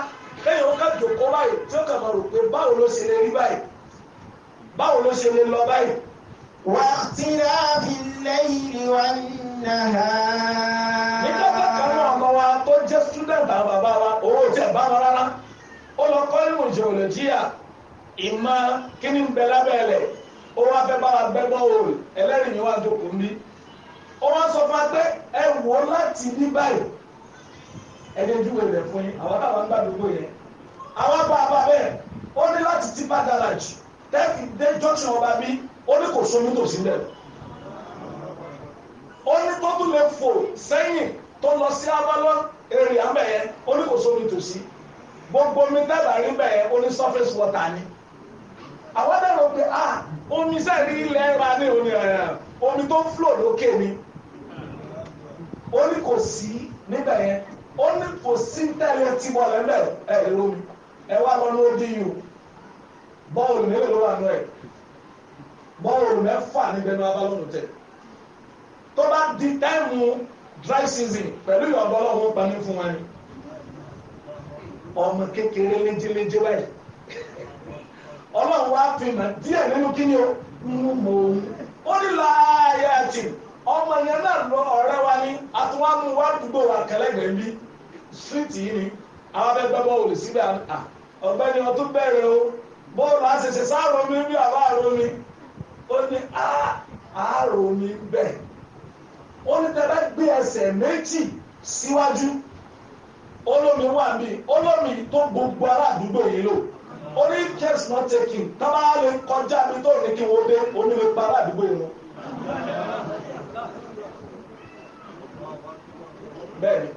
lẹ́yìn ó kàjọ kó báyìí tí ó kà máa rò pé báwo ló ṣe lè rí báyìí báwo ló ṣe lè lọ báyìí. واختلاف الليل والنهار nígbà tó kan náà ọmọ wa tó jẹ́ student àwọn bàbá wa òun ò jẹ́ bá wọn rárá ó lọ kọ́ ìmọ̀ geology ìmọ̀ kíni ń bẹ lábẹ́lẹ̀ ó wá fẹ́ bá wa gbẹ́gbọ́ òòlù ẹlẹ́rìí ni wá jókòó ń bí ó wá sọ fún wa pé ẹ wò láti ní báyìí ẹni ojú wo ilẹ̀ fún yín àwọn náà wọn gbàdúgbò yẹn àwọn bá a bá bẹ́ẹ̀ ó ní láti ti bá garage tẹ́ẹ̀kì dé junction ọba bí ó ní kò sómi tòsí bẹ́ẹ̀ ó ní tó tún lè fò sẹ́yìn tó lọ sí abalọ́ èrè àmẹ́yẹ ó ní kò sómi tòsí gbogbo mi dábàá rí bẹ́ẹ̀ ó ní surface water ni àwọn dẹ̀rọ pé ah omi sẹ́ẹ̀rí ilẹ̀ ẹ̀rọ ní omi eh, omi tó ń flò lókè ni ó ní kò sí níbẹ̀ yẹn ó ní kò sí tẹ́lẹ̀ tí wọ́n lẹ́ bẹ̀ ẹ̀ ló ẹ wá lọ ló dín yìí bọ́ọ̀lù nílẹ̀ ló wà nù ẹ̀ bọ́ọ̀lù mẹ́fà níbẹ̀ ní abalọ́nù tẹ̀ tó bá di táìmù dry season pẹ̀lú ìyọ̀bọ̀ ọlọ́run pẹ̀lú fún wọn ọmọ kékeré léjéléjé báyìí. ọlọ́run wá fi mọ̀ díẹ̀ nínú kíni o nínú mọ̀ òun ó ní láàyè àti ọmọ yẹn náà lọ ọ̀rẹ́ wa ní atúwámú wá dùgbò wa kẹlẹ́gbẹ̀ẹ́ bí síìtì yìí ni àwọn abẹ́gbẹ́ bọ́ òòlù síbẹ̀ ọ̀gbẹ́ni ọtún bẹ̀rẹ̀ o bọ́ọ̀lù àṣẹṣe sáàrò mi bí àbá àrò mi ó ní àárò mi omi ó ní tẹ́lẹ̀ gbé ẹsẹ̀ méjì síwájú olómi wà mí olómi tó gbogbo aládùúgbò yìí lò. oní case not taking tábà lè kọjá mi tó ní kí wọ́n dé onílé para àdúgbò yìí lọ. bẹ́ẹ̀ni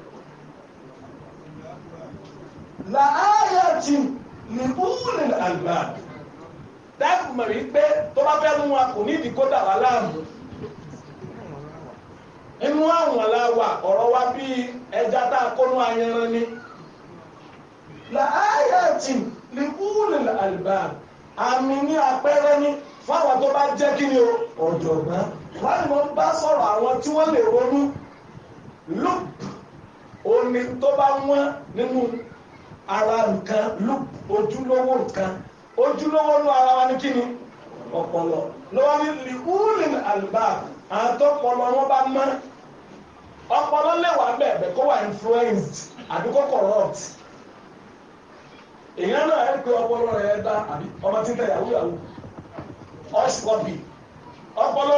làáyàtì ní búrúnì àgbà dáàbò mẹ̀rí pé tó bá fẹ́ mú wa kò ní ìdíkódà wà láàmú inú àwọn aláwà ọ̀rọ̀ wa bíi ẹja tá a kónú ayanran ni lèkúlè àlùbá àmì ní àpẹẹrẹ ní fáwọn tó bá jẹ́ kí ni o ọ̀jọ̀gbọ́n wọ́n mọ̀ ń bá sọ̀rọ̀ àwọn tí wọ́n lè ronú loop omi tó bá wọ́n nínú ara nǹkan loop ojúlówó nǹkan ojúlówó ní ara wa ní kí ni ọpọlọ lọ́wọ́ ní lèkúlè àlùbá àtọpọlọ wọn bá mọ́ ọpọlọ lè wà bẹ́ẹ̀ bẹ́ẹ̀ wà influenced àbí kó corrupt. èyàn náà ẹ̀ pé ọpọlọ dá àbí ọmọ yahoo yahoo ọpọlọ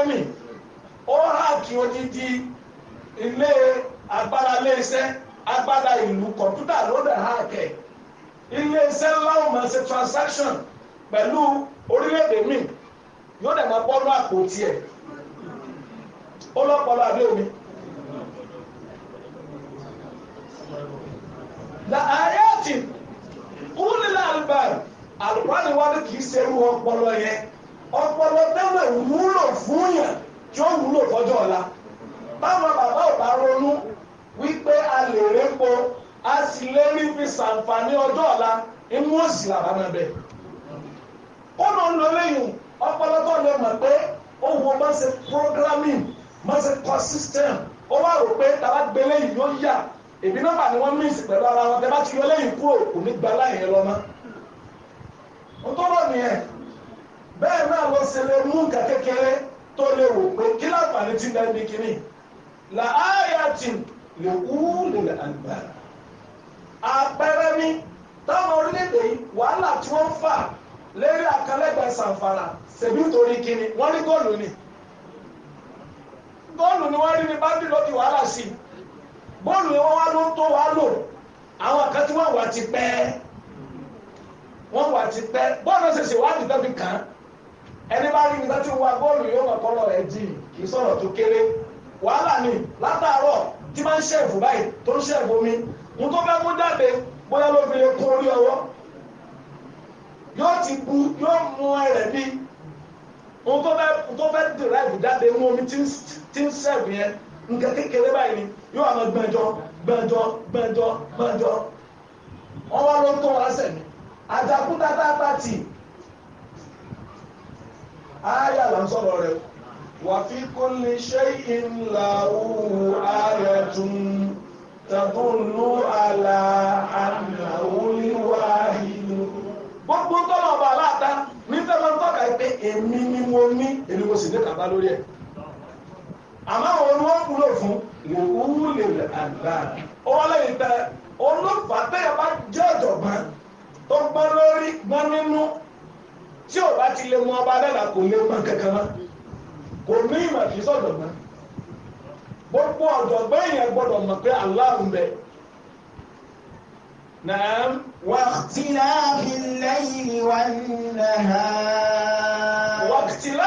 ó odidi ilé agbára iléeṣẹ́ agbára ìlú kọ̀ǹpútà ló dẹ̀ háàkẹ̀ iléeṣẹ́ ńlá ṣe transaction yóò máa àpò ó omi. la kúlílà àlùbà àlùbáàlì wa ni kì í ṣe irú ọpọlọ yẹn ọpọlọ tẹ́lẹ̀ wúlò fún yàn tí ó wúlò fọjọ́ ọ̀la báwọn bàbá ò bá ronú wípé a lè répo a sì lè rí fi ṣàǹfààní ọjọ́ ọ̀la òsì làbá máa bẹ̀. ó ń lọ lẹ́yìn ọpọlọ tó lè mọ̀ pé ó máa ṣe programming máa ṣe core system ó wá rò pé tàbá gbélé yìí ló yà èbí nọ́mbà ni wọ́n mìsì pẹ̀lú ara wọn tẹ́ bá ti yọ lẹ́yìn kúrò kò ní gba láyìn lọ mọ́ ń tó rọ̀ nìyẹn bẹ́ẹ̀ náà lọ sí lè mú nǹkan kékeré tó lè wò pé kí láǹfààní ti dá ibi kìíní là áyà tì lè wú lè àgbà àpẹẹrẹ ni táwọn orílẹ̀-èdè yìí wàhálà tí wọ́n fà lérí àkálẹ́gbẹ̀ẹ́ sàǹfàrà ṣèbí torí kìíní wọ́n rí góòlù ni góòlù ni wọ́n rí ní bábí bọ́ọ̀lù yẹn wá ló ń tó wá lò àwọn kan tí wọ́n wà ti pẹ́ wọ́n wà ti pẹ́ bọ́ọ̀lù náà ṣèṣe wá kàn án ẹni bá rí ibi tí wọ́n bọ́ọ̀lù yóò mọ̀ kọ́lọ̀ rẹ̀ jì kì í sọ̀rọ̀ tó kéré wàhálà ni látàárọ̀ tí máa ń ṣẹ̀fù báyìí tó ń ṣẹ̀fù omi mo tó fẹ́ mú jáde bóyá ló fi lè kún omi tí ń yẹn nǹkan kékeré báyìí ni yóò àwọn gbẹ̀jọ gbẹ̀jọ gbẹ̀jọ gbẹ̀jọ wọ́n wá ló ń tó wá sẹ̀mí àjàkútátá pàtì ayé àlà ń sọ̀rọ̀ rẹ̀ wà fi kulli shay'in lahu ayatun tadullu ala annahu al-wahid gbogbo tọ́lọ̀ ọba aláàtá ní tẹ́lẹ̀ ń tọ́ka pé èmi ni mo ní èmi mo sì ní kàbá lórí ẹ̀ àmọ́ àwọn ni wọ́n wúlò fún wòwú lè àgbà ọlẹ́yìn tẹ olófà tẹ́yà bá jẹ́ ọ̀jọ̀gbọ́n tó gbọ́n lórí gbọ́n nínú tí ò bá ti lè mú ọba dára kò lè mọ kankan mọ́ kò ní ìmọ̀ fi sọ̀jọ̀gbọ́n gbogbo ọ̀jọ̀gbọ́n èèyàn gbọ́dọ̀ mọ̀ pé aláàrùn bẹ Naam. Wàkìtìlá fi lẹ́yìn wa nìyẹn. Wàkìtìlá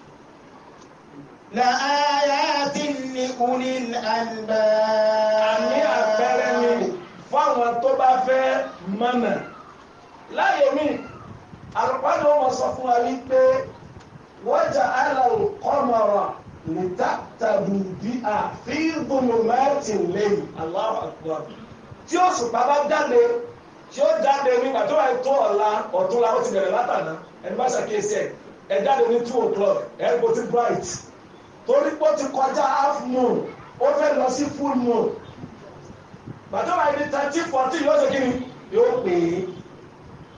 لآيات لأولي الألباب àmì àpẹẹrẹ ni fáwọn tó bá fẹ́ mọ̀nà láyé mi àrùpàdé wọn sọ fún wa wípé waja'ala al-qamara litahtadu biha fi dhulumati al-layl Allahu akbar tí ó sùn bàbá tó ọ̀la ọ̀tún la ó ti bẹ̀rẹ̀ látàná ẹni bá ṣàkíyèsí ẹ̀ ẹ̀ jáde ní two o'clock ẹ̀ kò ti bright torí pé ó ti kọjá half moon ó fẹ́ lọ sí full moon bàtọ́ bá ibi thirteen fourteen yóò ṣe kí ni yóò pè é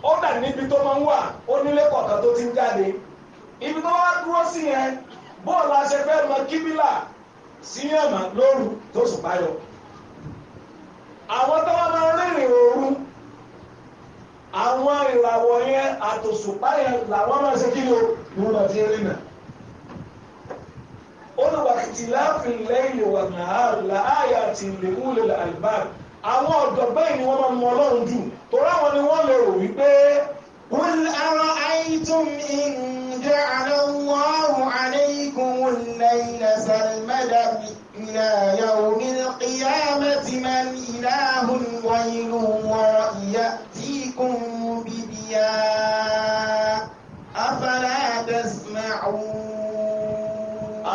ó dà níbi tó máa ń wà ó nílé kọ̀ọ̀kan tó ti ń jáde ibi tó wá dúró sí yẹn bóòlù aṣẹfẹ́ mọ kíbílà síyàmà lóru tó sùn báyọ̀ àwọn tó wá máa rìnrìn òru àwọn ìràwọ̀ yẹn àtòṣùpá yẹn làwọn máa ṣe kí o ní wọn ti rìnà olùwàkìtì láàfin lẹ́yìn wà náà láàyè àti ìlẹ̀kùnlẹ̀ àlùbáàbù àwọn ọ̀dọ́gbẹ́ ni wọ́n máa mọ ọlọ́run jù torí àwọn ni wọ́n lè rò wípé. قل أرأيتم إن جعل الله عليكم الليل سرمدا إلى يوم القيامة من إله غير الله يأتيكم بدياء أفلا تسمعون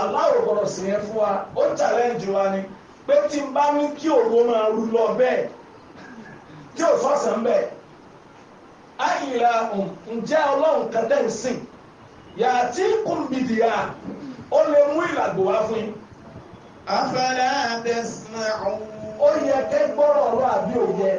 aláwọ̀ gbọ́dọ̀ sí yẹn fún wa ó challenge wa ni pé tí n bá ní kí òru máa rú lọ bẹ́ẹ̀ kí ò sọ̀sán bẹ́ẹ̀ àyìnlá ǹjẹ́ ọlọ́run kan ń sìn yàtí kùnbìdìyà ó lè mú ìlàgbò wá fún yín. afẹ́lẹ́ àtẹ̀sán. ó yẹ kẹ́ ọ̀rọ̀ àbí òye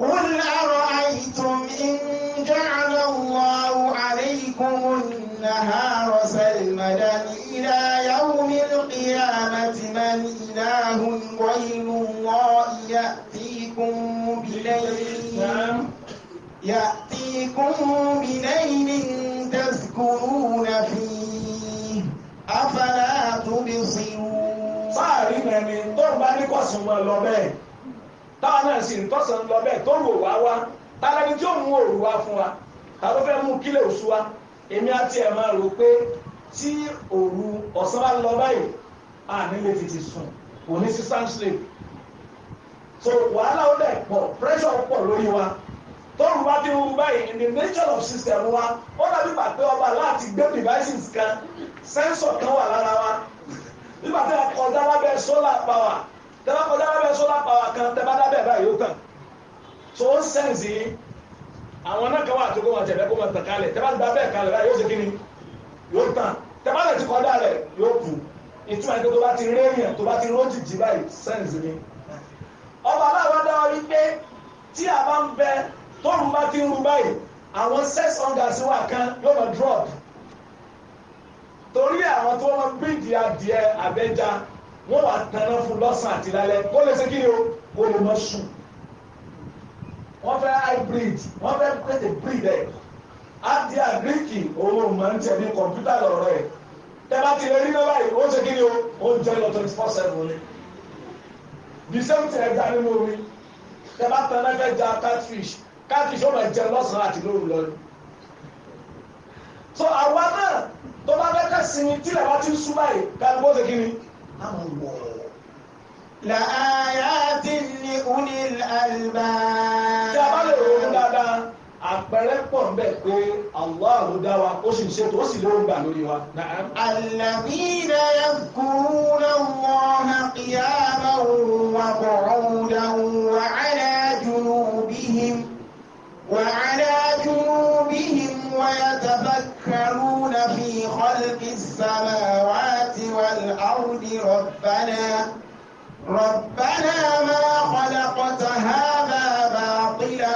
قل أرأيتم إن جعل الله عليكم النهار سلمدا إلى يوم القيامة من إله غير الله يأتيكم بليل يأتيكم بليل تذكرون فيه أفلا تبصرون. sáàrin ẹni tó ń bá táwa náà sì ń tọ́sán lọ bẹ́ẹ̀ tó rò wá wá tára tí ó mú òru wá fún wa ta ló fẹ́ mú kílẹ̀ oṣù wa èmi àti ẹ̀ máa rò pé tí òru ọ̀sán bá lọ báyìí à nílé tètè sùn kò ní sí sound so wàhálà ó dẹ̀ pọ̀ pressure pọ̀ lórí wa tóru bá ti wú báyìí in the nature of system wa ó dàbí pàtó ọba láti gbé devices kan sensor kan wà lára wa nígbà tí a kọjá lábẹ́ solar power dábàkọ dábàbẹ sọlá pàwà kan tẹbà dábẹ báyìí ó kàn so ó ń sẹ́ǹsì yìí àwọn náà kan wà tó kó wọn tẹ̀lé kó wọn tẹ̀ kalẹ̀ tẹbà ti bá bẹ́ẹ̀ kalẹ̀ báyìí yóò ṣe kíni yóò tàn tẹbà rẹ̀ ti kọjá rẹ̀ yóò kù ìtumọ̀ ẹ̀kọ́ tó bá ti rẹ́yìn tó bá ti rójìjì báyìí sẹ́ǹsì ni ọba aláwọ̀ dáwọ́ rí pé tí a bá ń bẹ tóòrùn bá ti ń ru báyìí àwọn sex organs wà kan yóò lọ drop torí àwọn tó wọn bíìdì adìẹ àbẹ́já wọ́n wà dáná fún lọ́sàn àti lálẹ́ kó lè ṣe kí ni o kó lè mọ́ sùn wọ́n fẹ́ hybrid wọ́n fẹ́ tètè breed ẹ̀ adi agriki òun máa ń tẹ̀ ní kọ̀mpútà lọ́rọ̀ ẹ̀ tẹ́ bá ti lè rí lọ́wọ́ yìí ó ṣe kí ni o ó ń jẹ́ lọ twenty four seven ni the same thing ẹja nínú omi tẹ́ bá tẹ̀ náà fẹ́ ja catfish catfish ó máa jẹ lọ́sàn àti lóru lọ́nu so àwa náà tó bá fẹ́ kẹ́sìn ní tílẹ̀ wá ti ń sú báyìí ká ló ń ṣe kí ni láwọn wọ̀ la ayatin li ulil albab. tí a bá lè ronú dáadáa àpẹẹrẹ pọ̀ ń bẹ pé Allahu dá wa ó sì ń ṣètò ó sì ló ń gbà lórí wa. alladhina yadhkuruna Allaha qiyaman wa qu'udan wa 'ala junubihim wa 'ala junubihim wa yatafakkarun. يتفكرون في خلق السماوات والأرض ربنا ربنا ما خلقت هذا باطلا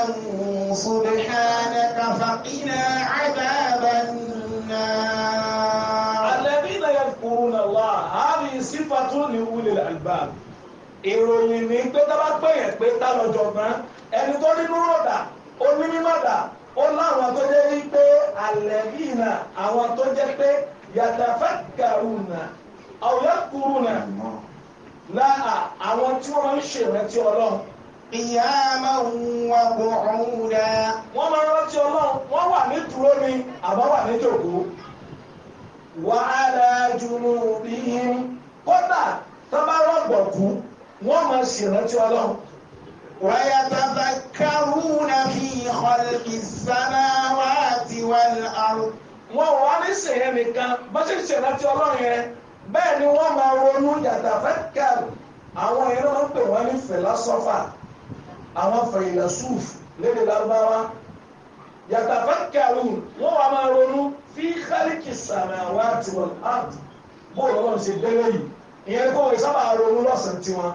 سبحانك فقنا عذاب النار الذين يذكرون الله هذه صفة لأولي الألباب ìròyìn ní pé tá bá pè yẹn pé tá lọ́jọ̀gbọ́n ẹni tó ní nírọ̀dà onímọ̀dà ó láwọn tó jẹ́ wípé àlẹ́bíìnà àwọn tó jẹ́ pé yàtàfẹ́kàrùnà ọ̀yọ́kùrùnà láà àwọn tí wọ́n ń ṣèrántí ọlọ́run. ìyá máa ń wá bọ̀ ọ̀hún rẹ̀. wọ́n máa ń rántí ọlọ́run wọ́n wà ní dúró ni àbá wà ní jòkó. wàhálà jùlọ bíi tó bá rọ̀gbọ̀kú wọ́n máa ṣèrántí ọlọ́run. ويتفكرون في خلق السماوات والأرض wọn wà ní sèyẹn nìkan bó ṣe ṣẹlẹ̀ tí Ọlọ́run yẹn bẹ́ẹ̀ ni wọn máa ronú yàtàfẹkẹrù àwọn yẹn ló ń pè wọn ní fìlásọfà àwọn fìlásùf lédè lárúbáwá yàtàfẹkẹrù wọn wà máa ronú fi kálíkì sàmáwá tiwọn áàtì bó Ọlọ́run ṣe délé yìí ìyẹn kó o ronú lọ́sàn tiwọn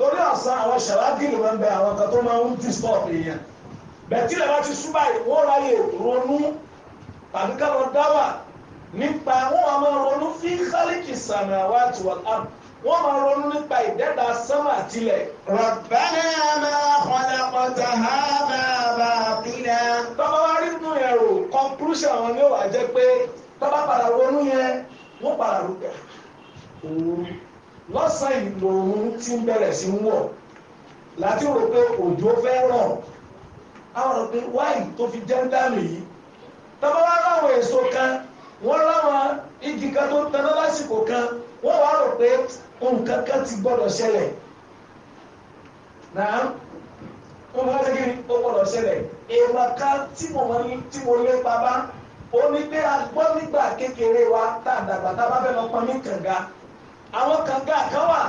torí ọ̀sán àwọn ṣàlágìlì máa ń bẹ àwọn kan tó máa ń disturb èèyàn bẹ̀tílẹ̀ wá ti súbà ìwọ́n ráyè ronú tàbí ká lọ dáwà nípa wọn a máa ronú fi kálíkì samawati wal ard wọn máa ronú nípa ìdẹ́dà sánmà tilẹ̀. Rabbana ma khalaqta hadha batila. tọ́ba wá rí nù yẹn rò conclusion àwọn mẹ́wàá jẹ́ pé tọ́ba padà ronú yẹn wọ́n padà rú bẹ̀ lọ́sàn ìlòrun tí ń bẹ̀rẹ̀ sí ń wọ̀ láti rò pé òjò fẹ́ ràn àwọn rò pé wáì tó fi jẹ́ ń dànù yìí tọ́ba wá láwọn èso kan wọ́n láwọn igi kan tó tẹ́lẹ̀ lásìkò kan wọ́n wá rò pé nǹkan kan ti gbọ́dọ̀ ṣẹlẹ̀ náà wọ́n bá ṣe ni ó gbọ́dọ̀ ṣẹlẹ̀ èèmọ̀ kan tí mo mọ̀ ní tí mo lé pa bá ó pé a gbọ́ nígbà kékeré wa tá a dàgbà tá a bá fẹ́ lọ pọn ní kànga àwọn kànga kan wà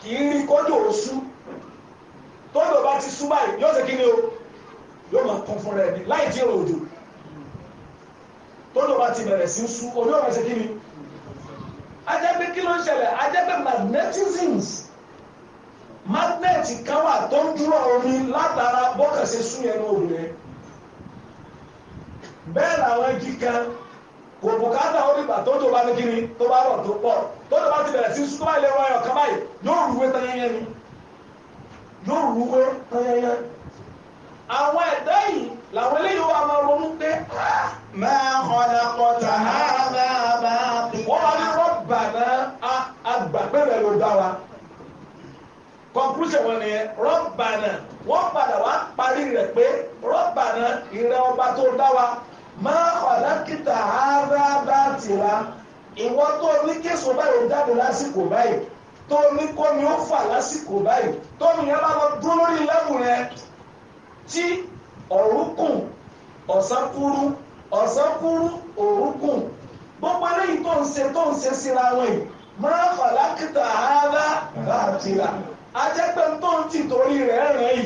kì í rí kódò oṣù tódò bá ti sú báyìí yóò ṣe kí ni o yóò máa kún fún rẹ ní láì tí èrò òjò tódò bá ti bẹ̀rẹ̀ sí sú ojú ọ̀rọ̀ ṣe kí ni ajẹ́pẹ́ kí ló ń ṣẹlẹ̀ ajẹ́pẹ́ magnetisms magnet kan wà tó ń dúró omi látara bọ́kàṣe sú yẹn ní òun bẹ́ẹ̀ làwọn igi kan kò bùkátà onígbà tó tó bá ní kíni tó bá rọ̀ tó pọ̀ tó tó bá ti bẹ̀rẹ̀ sí súnmọ́ ilé wọn ẹ̀yọ̀ kan báyìí yóò rúwé tanyẹnyẹ ni yóò rúwé tanyẹnyẹ. àwọn ẹ̀dá yìí làwọn eléyìí wà máa ronú pé. máa kọjá kọjá ààbà ààbà. wọ́n wá ní rọ́bà náà agbàgbẹ́rẹ̀ ló dá wa. conclusion wọn ni rọ́bà náà wọ́n padà wá parí rẹ̀ pé rọ́bà náà ìrẹ́ ọba tó dá wa máa ọ̀dà kíta ara bá tìra ìwọ tó ní kéṣù báyìí jáde lásìkò báyìí tó ní kó ni ó fà lásìkò báyìí tó nìyẹn bá lọ dúró lórí lẹ́wù rẹ tí ọ̀rúnkùn ọ̀sánkúrú ọ̀sánkúrú òrúnkùn gbogbo eléyìí tó ń ṣe tó ń ṣe síra wọn yìí máa fàlà kíta ara bá tìra ajẹ́pẹ́ tó ń tì torí rẹ̀ rẹ̀ yìí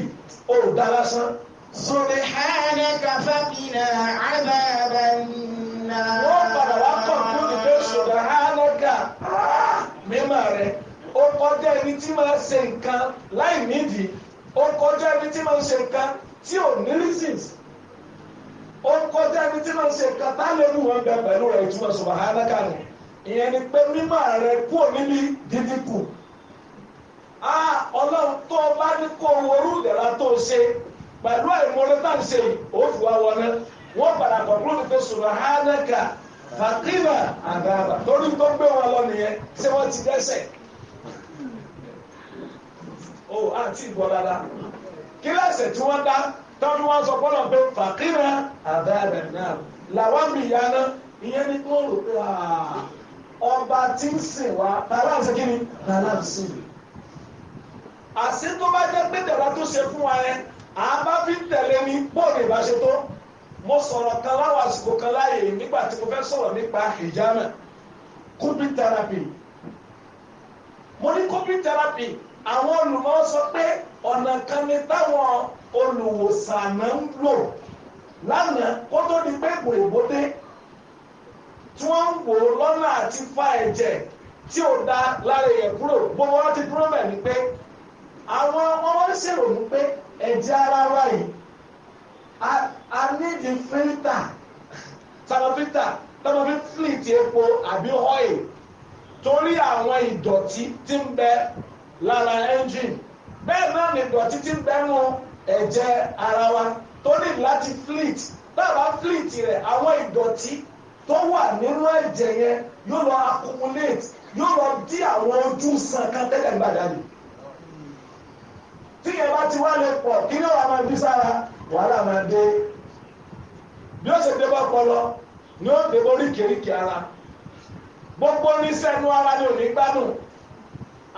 ó dá lásán. subhanaka faqina adhaban nar. wọ́n padà wá kàn kú ní subhanaka mímọ́ rẹ̀ ó kọjá ibi tí máa ṣe nǹkan láì nídìí ó kọjá ibi tí máa ṣe nǹkan tí ò ní reasons ó kọjá ibi tí máa ṣe nǹkan tá lè wọn gbà pẹ̀lú rẹ̀ ìtumọ̀ subhanaka nù ìyẹn ni pé rẹ̀ kú òní dídí kù. Ah, ọlọ́run tó bá ní kó orú tó ṣe pẹ̀lú àìmọ̀lẹ́ tá à ń ṣe ó fi wá wọlé wọ́n padà pọ̀ lórí pé subhanaka fàkìmà àgbààbà torí tó gbé wọn lọ nìyẹn ṣé wọ́n ti dẹ́sẹ̀ o àǹtí ìbọn dada kíláàsì tí wọ́n dá tọ́jú wọn sọ fọlọ́ pé fàkìmà àgbààbà náà làwọn mìíyá náà ìyẹn ní kó rò pé ọba tí ń sìn wá tààrà ń sìn kí ni tààrà ń sìn àṣìtò bá jẹ́ pé dàrá tó ṣe fún wa yẹn àbá fi ń tẹ̀lé ní bóòlù ìbáṣe tó mo sọ̀rọ̀ kan láwọn àsìkò kan láàyè nígbà tí mo fẹ́ sọ̀rọ̀ nípa hijama kúbi therapy mo ní kúbi therapy àwọn olùmọ̀ sọ pé ọ̀nà kan ní táwọn olùwòsàn náà ń lò lánàá kó tó di pé gbòǹgbò dé tí wọ́n ń wò lọ́nà àti fa ẹ̀jẹ̀ tí ò da lára èèyàn kúrò gbogbo wọn ti dúró bẹ̀ ni pé àwọn ọmọ wọn ṣèrònú pé ẹ̀jẹ̀ ara wa yìí a nídìí fílítà sábà sábà fi epo àbí torí àwọn ìdọ̀tí ti ń bẹ lára engine bẹ́ẹ̀ náà ni ìdọ̀tí ń bẹ mú ẹ̀jẹ̀ ara wa torí láti fílìtì bàbá fílìtì rẹ̀ àwọn ìdọ̀tí tó wà nínú ẹ̀jẹ̀ yẹn yóò lọ tí yẹn bá ti wá pọ̀ kí ni wàá máa bí sára wàhálà máa dé bí ó ṣe dé bá lọ ni ó dé oríkèéríkèé ara gbogbo oníṣẹ́nu ara ni ò ní gbádùn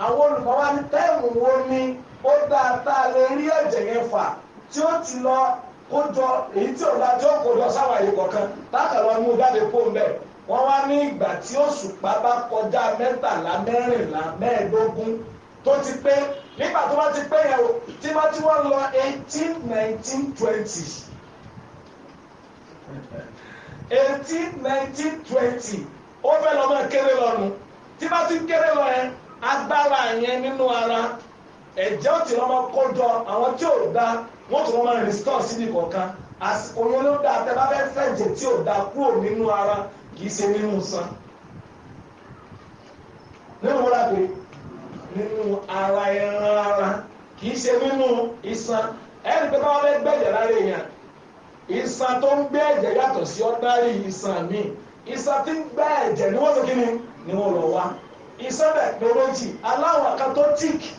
àwọn olùkọ́ wa ní tẹ́ẹ̀mù wo ni ó dáa tá lè rí ẹ̀jẹ̀ yẹn fà tí ti lọ kó jọ èyí tí ò kó jọ kọ̀ọ̀kan látàlọ́ mú jáde wọ́n wá ní ìgbà tí bá kọjá mẹ́tàlá mẹ́rìnlá mẹ́ẹ̀ẹ́dógún ti pé nígbà tó bá ti pẹ́ yẹn o tí bá ti wọ́n lọ eighteen nineteen twenty eighteen nineteen twenty ó fẹ́ lọ́mọ kéré lọ́nu tí bá ti kéré lọ yẹn agbára yẹn nínú ara ẹ̀jẹ̀ ó ti lọ́mọ kó jọ àwọn tí ò dá wọ́n tún lọ́mọ rìsítọ̀ síbi kọ̀ọ̀kan àsìkò yẹn ló dáa tẹ bá fẹ́ fẹ̀jẹ̀ tí ò dáa kúrò nínú ara kì í ṣe nínú san nínú wọ́n rà pé nínú ara ẹran ara kì í ṣe nínú iṣan ẹni pé báwọn lè gbẹ̀jẹ̀ lára èèyàn iṣan tó ń gbé ẹ̀jẹ̀ yàtọ̀ sí ọ́dárì iṣan míì iṣan tí ń gbé ẹ̀jẹ̀ ni wọ́n lò kí ni ni wọ́n lọ wá iṣan bẹ̀ pé méjì aláwọ̀ aka tó tíìkì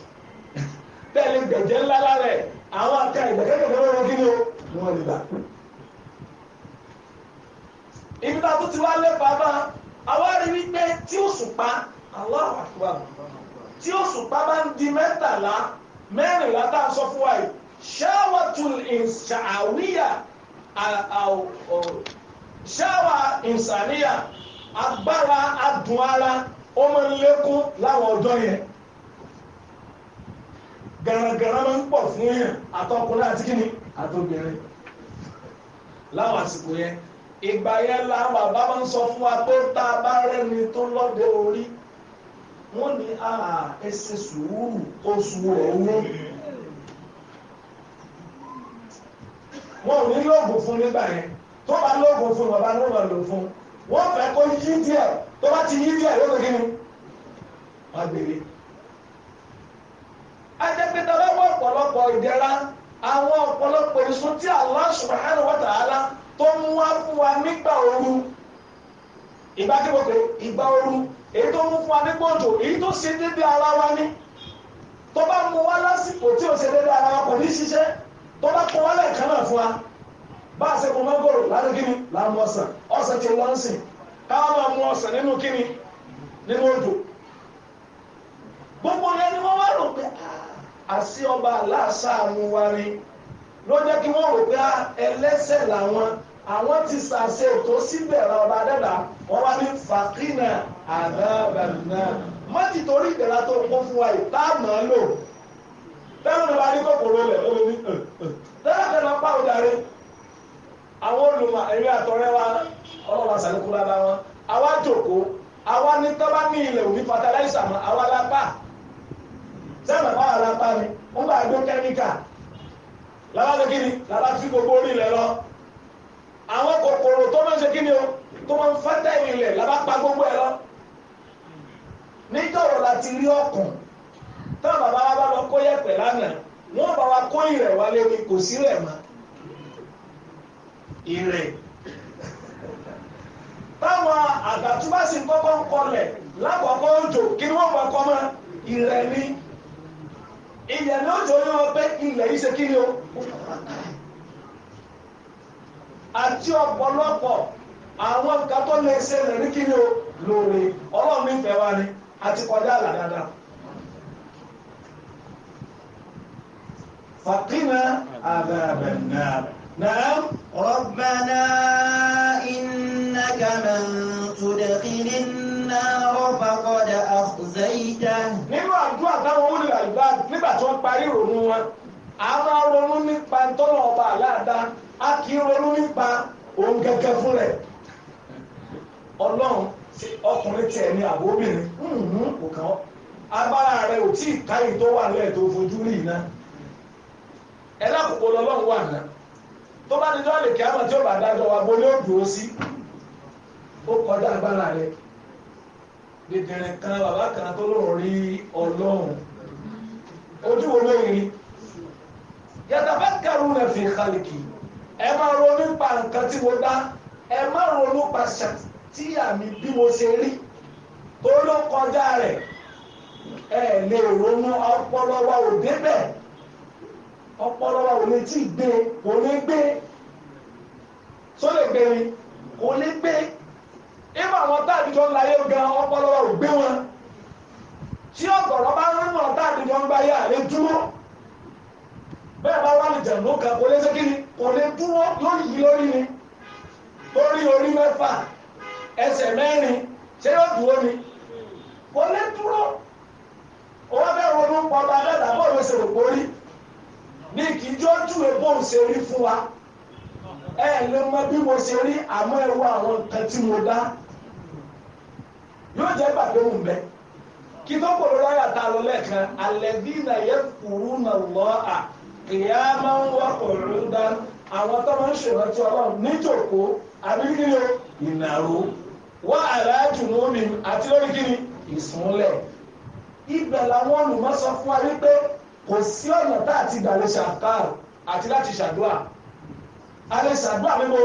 tẹ̀lé gbẹ̀jẹ̀ ńlá lára ẹ̀ àwọn aka ìgbẹ̀kẹ̀kẹ̀ wọ́n lọ kí ni o ni wọ́n lè gbà ibi tá a tó ti wá lẹ́pàá bá a wá rí wípé tí ó sùn pa aláwọ̀ àkúrà nìkan tí òṣùpá bá ń di mẹ́tàlá mẹ́rìnlá tá a sọ fún wa yìí ṣáwàtul ìṣàwíyà ṣáwà ìṣàníyà agbára adùn ara ó máa ń lékún láwọn ọjọ́ yẹn garagara máa ń pọ̀ fún yẹn àtọkùnrin àti kíni àtọbìnrin láwọn àsìkò yẹn ìgbà yẹn làwọn bàbá ń sọ fún wa pé tá a bá rẹ́ni tó lọ́dẹ orí wọ́n ní ẹsẹ̀ sùúrù oṣù ọ̀wọ́ wọn ò ní lóògùn fún nígbà yẹn tó bá lóògùn fún bàbá ló lọ lò fún wọn fẹ́ kó yí díẹ̀ tó bá ti yí díẹ̀ ló lè kí ni wọn gbèrè. ajẹ́pẹ́tà lọ́wọ́ ọ̀pọ̀lọpọ̀ ìdẹ́ra àwọn ọ̀pọ̀lọpọ̀ èso tí Allah subhanahu wa ta'ala tó ń wá fún wa nígbà ooru ìgbà kí wọ́n pè èyí tó mú fún wa ní pọ̀jù èyí tó ṣe déédéé ara wa ní tó bá mú wa lásìkò tí ò ṣe déédéé ara wa kò ní ṣiṣẹ́ tó bá kọ́ wa lẹ́ẹ̀kan náà fún wa bá a ṣe kó mọ́ngòrò ládùúgbìmí làmú ọ̀sán ọ̀sán ti wọ́n sìn káwọn máa mú ọ̀sán nínú kíni nínú odò gbogbo yẹn ni wọ́n wá rò pé àṣì ọba aláṣàánú wa ni ló jẹ́ kí wọ́n rò pé ẹlẹ́sẹ̀ làwọn àwọn ti ṣàṣe ètò síbẹ̀ ọba dẹ́dà wọ́n wá ní fàkínà àdábàmínà má ti torí ìdẹ̀ra tó kún fún wa yìí táàmù lò bẹ́ẹ̀ ló bá ní kòkòrò rẹ̀ ó ní lẹ́yìn náà pa òdàrí àwọn olùmọ̀ ẹ̀rí àtọ̀rẹ́ wa ọlọ́wà sàlùkù lára wọn àwa jòkó àwa ní tọ́ba ní ilẹ̀ òní fataláísà mọ́ àwa lápá sẹ́nà báwa lápá ni wọ́n bá gbé kẹ́míkà lábá lè kíni lábá fi gbogbo orí ilẹ̀ lọ àwọn kòkòrò tó máa ń ṣe kíni o tó máa ń fẹ́tẹ̀ ilẹ̀ lábá pa gbogbo ẹ̀ lọ níjọ́rọ̀ láti rí ọ̀kùn táwọn bàbá wa bá lọ kó yẹ̀pẹ̀ lánàá wọ́n bá wa kó ìrẹ̀ wálé omi kò sí rẹ̀ mọ́ ìrẹ̀ táwọn àgbàtúbà sì ń kọ́kọ́ ń kọlẹ̀ lákọ̀ọ́kọ́ òjò kí ni wọ́n bá kọ́ mọ́ ìrẹ̀ ni ilẹ̀ ni òjò yẹn wọ́n pé ilẹ̀ yìí ṣe kí ni o àti ọ̀pọ̀lọpọ̀ àwọn nǹkan tó lè ṣe lẹ́ni kí ni o lóore ọlọ́run ìfẹ́ wa ni àti kọjá àlà dáadáa. fàkínà àbẹ̀rẹ̀ náà náà rọ́gbẹ́nà ìnàkà máa tudẹ̀kìlì náà rọ́bà kọ́dà àkùzẹ́ ìdá. nínú àdúrà táwọn olùrà ìgbà nígbà tí wọ́n parí ìrònú wọn a máa ronú nípa tọ́lọ̀ ọba àláàdá a kì í ronú nípa òun gẹ́gẹ́ fún rẹ̀ ọlọ́run ọkùnrin tiẹ̀ ni àbò obìnrin mm-hmm. kò kàn ọ́ agbára rẹ ò tí ì káyè tó wà lẹ́ẹ̀ tó fojú rí iná ẹlẹ́kùnkùn lọ́lọ́run wà náà tó bá ní dọ́ọ̀lì kí á mọ̀ tí ó bá dájọ́ wa bó ní ó dùn ó sí ó kọjá agbára rẹ dèdèrè kan bàbá kan tó lóun rí ọlọ́run ojú wo ló rí yàtàbá kẹrù rẹ fi kàlìkì ẹ máa ronú pa nǹkan tí mo dá ẹ máa ronú pa ṣàtì. tíyà mi bí mo ṣe rí ó ló kọjá rẹ̀ ẹ lè ronú ọpọlọ wa ò débẹ̀ ọpọlọ wa ò lè tí ì gbé kò lè gbé tó lè gbé mi kò lè gbé ibà àwọn táàbì tó ń la yé gan ọpọlọ wa ò gbé wọn tí ọ̀gọ̀rọ̀ bá ń wọn táàbì tó ń gba yé dúró bẹ́ẹ̀ bá wà ní jẹ̀mú kan kò lè ṣe ni kò lè dúró yóò yí lórí ni lórí orí mẹ́fà ẹsẹ̀ mẹ́rin ṣé yóò dúró ni kò lè dúró wọn fẹ́ ronú pọba dẹ́dà bọ́ọ̀lù ṣe rò ní kì í jọ́ ṣe rí fún wa ẹ lè mọ bí mo ṣe rí àmọ́ ẹ wá àwọn nǹkan tí mo dá yóò jẹ́ gbàdéhùn kí tó kọ̀ lọ lẹ́ẹ̀kan alladhina àwọn tó wá àlàájù mọ́mí àti lórí kíni ìsúnlẹ̀ ibẹ̀ làwọn olùmọ̀ sọ fún wa wípé kò sí ọ̀nà tá àti gbà lè ṣàkàrò àti láti ṣàdúà a lè ṣàdúà mímọ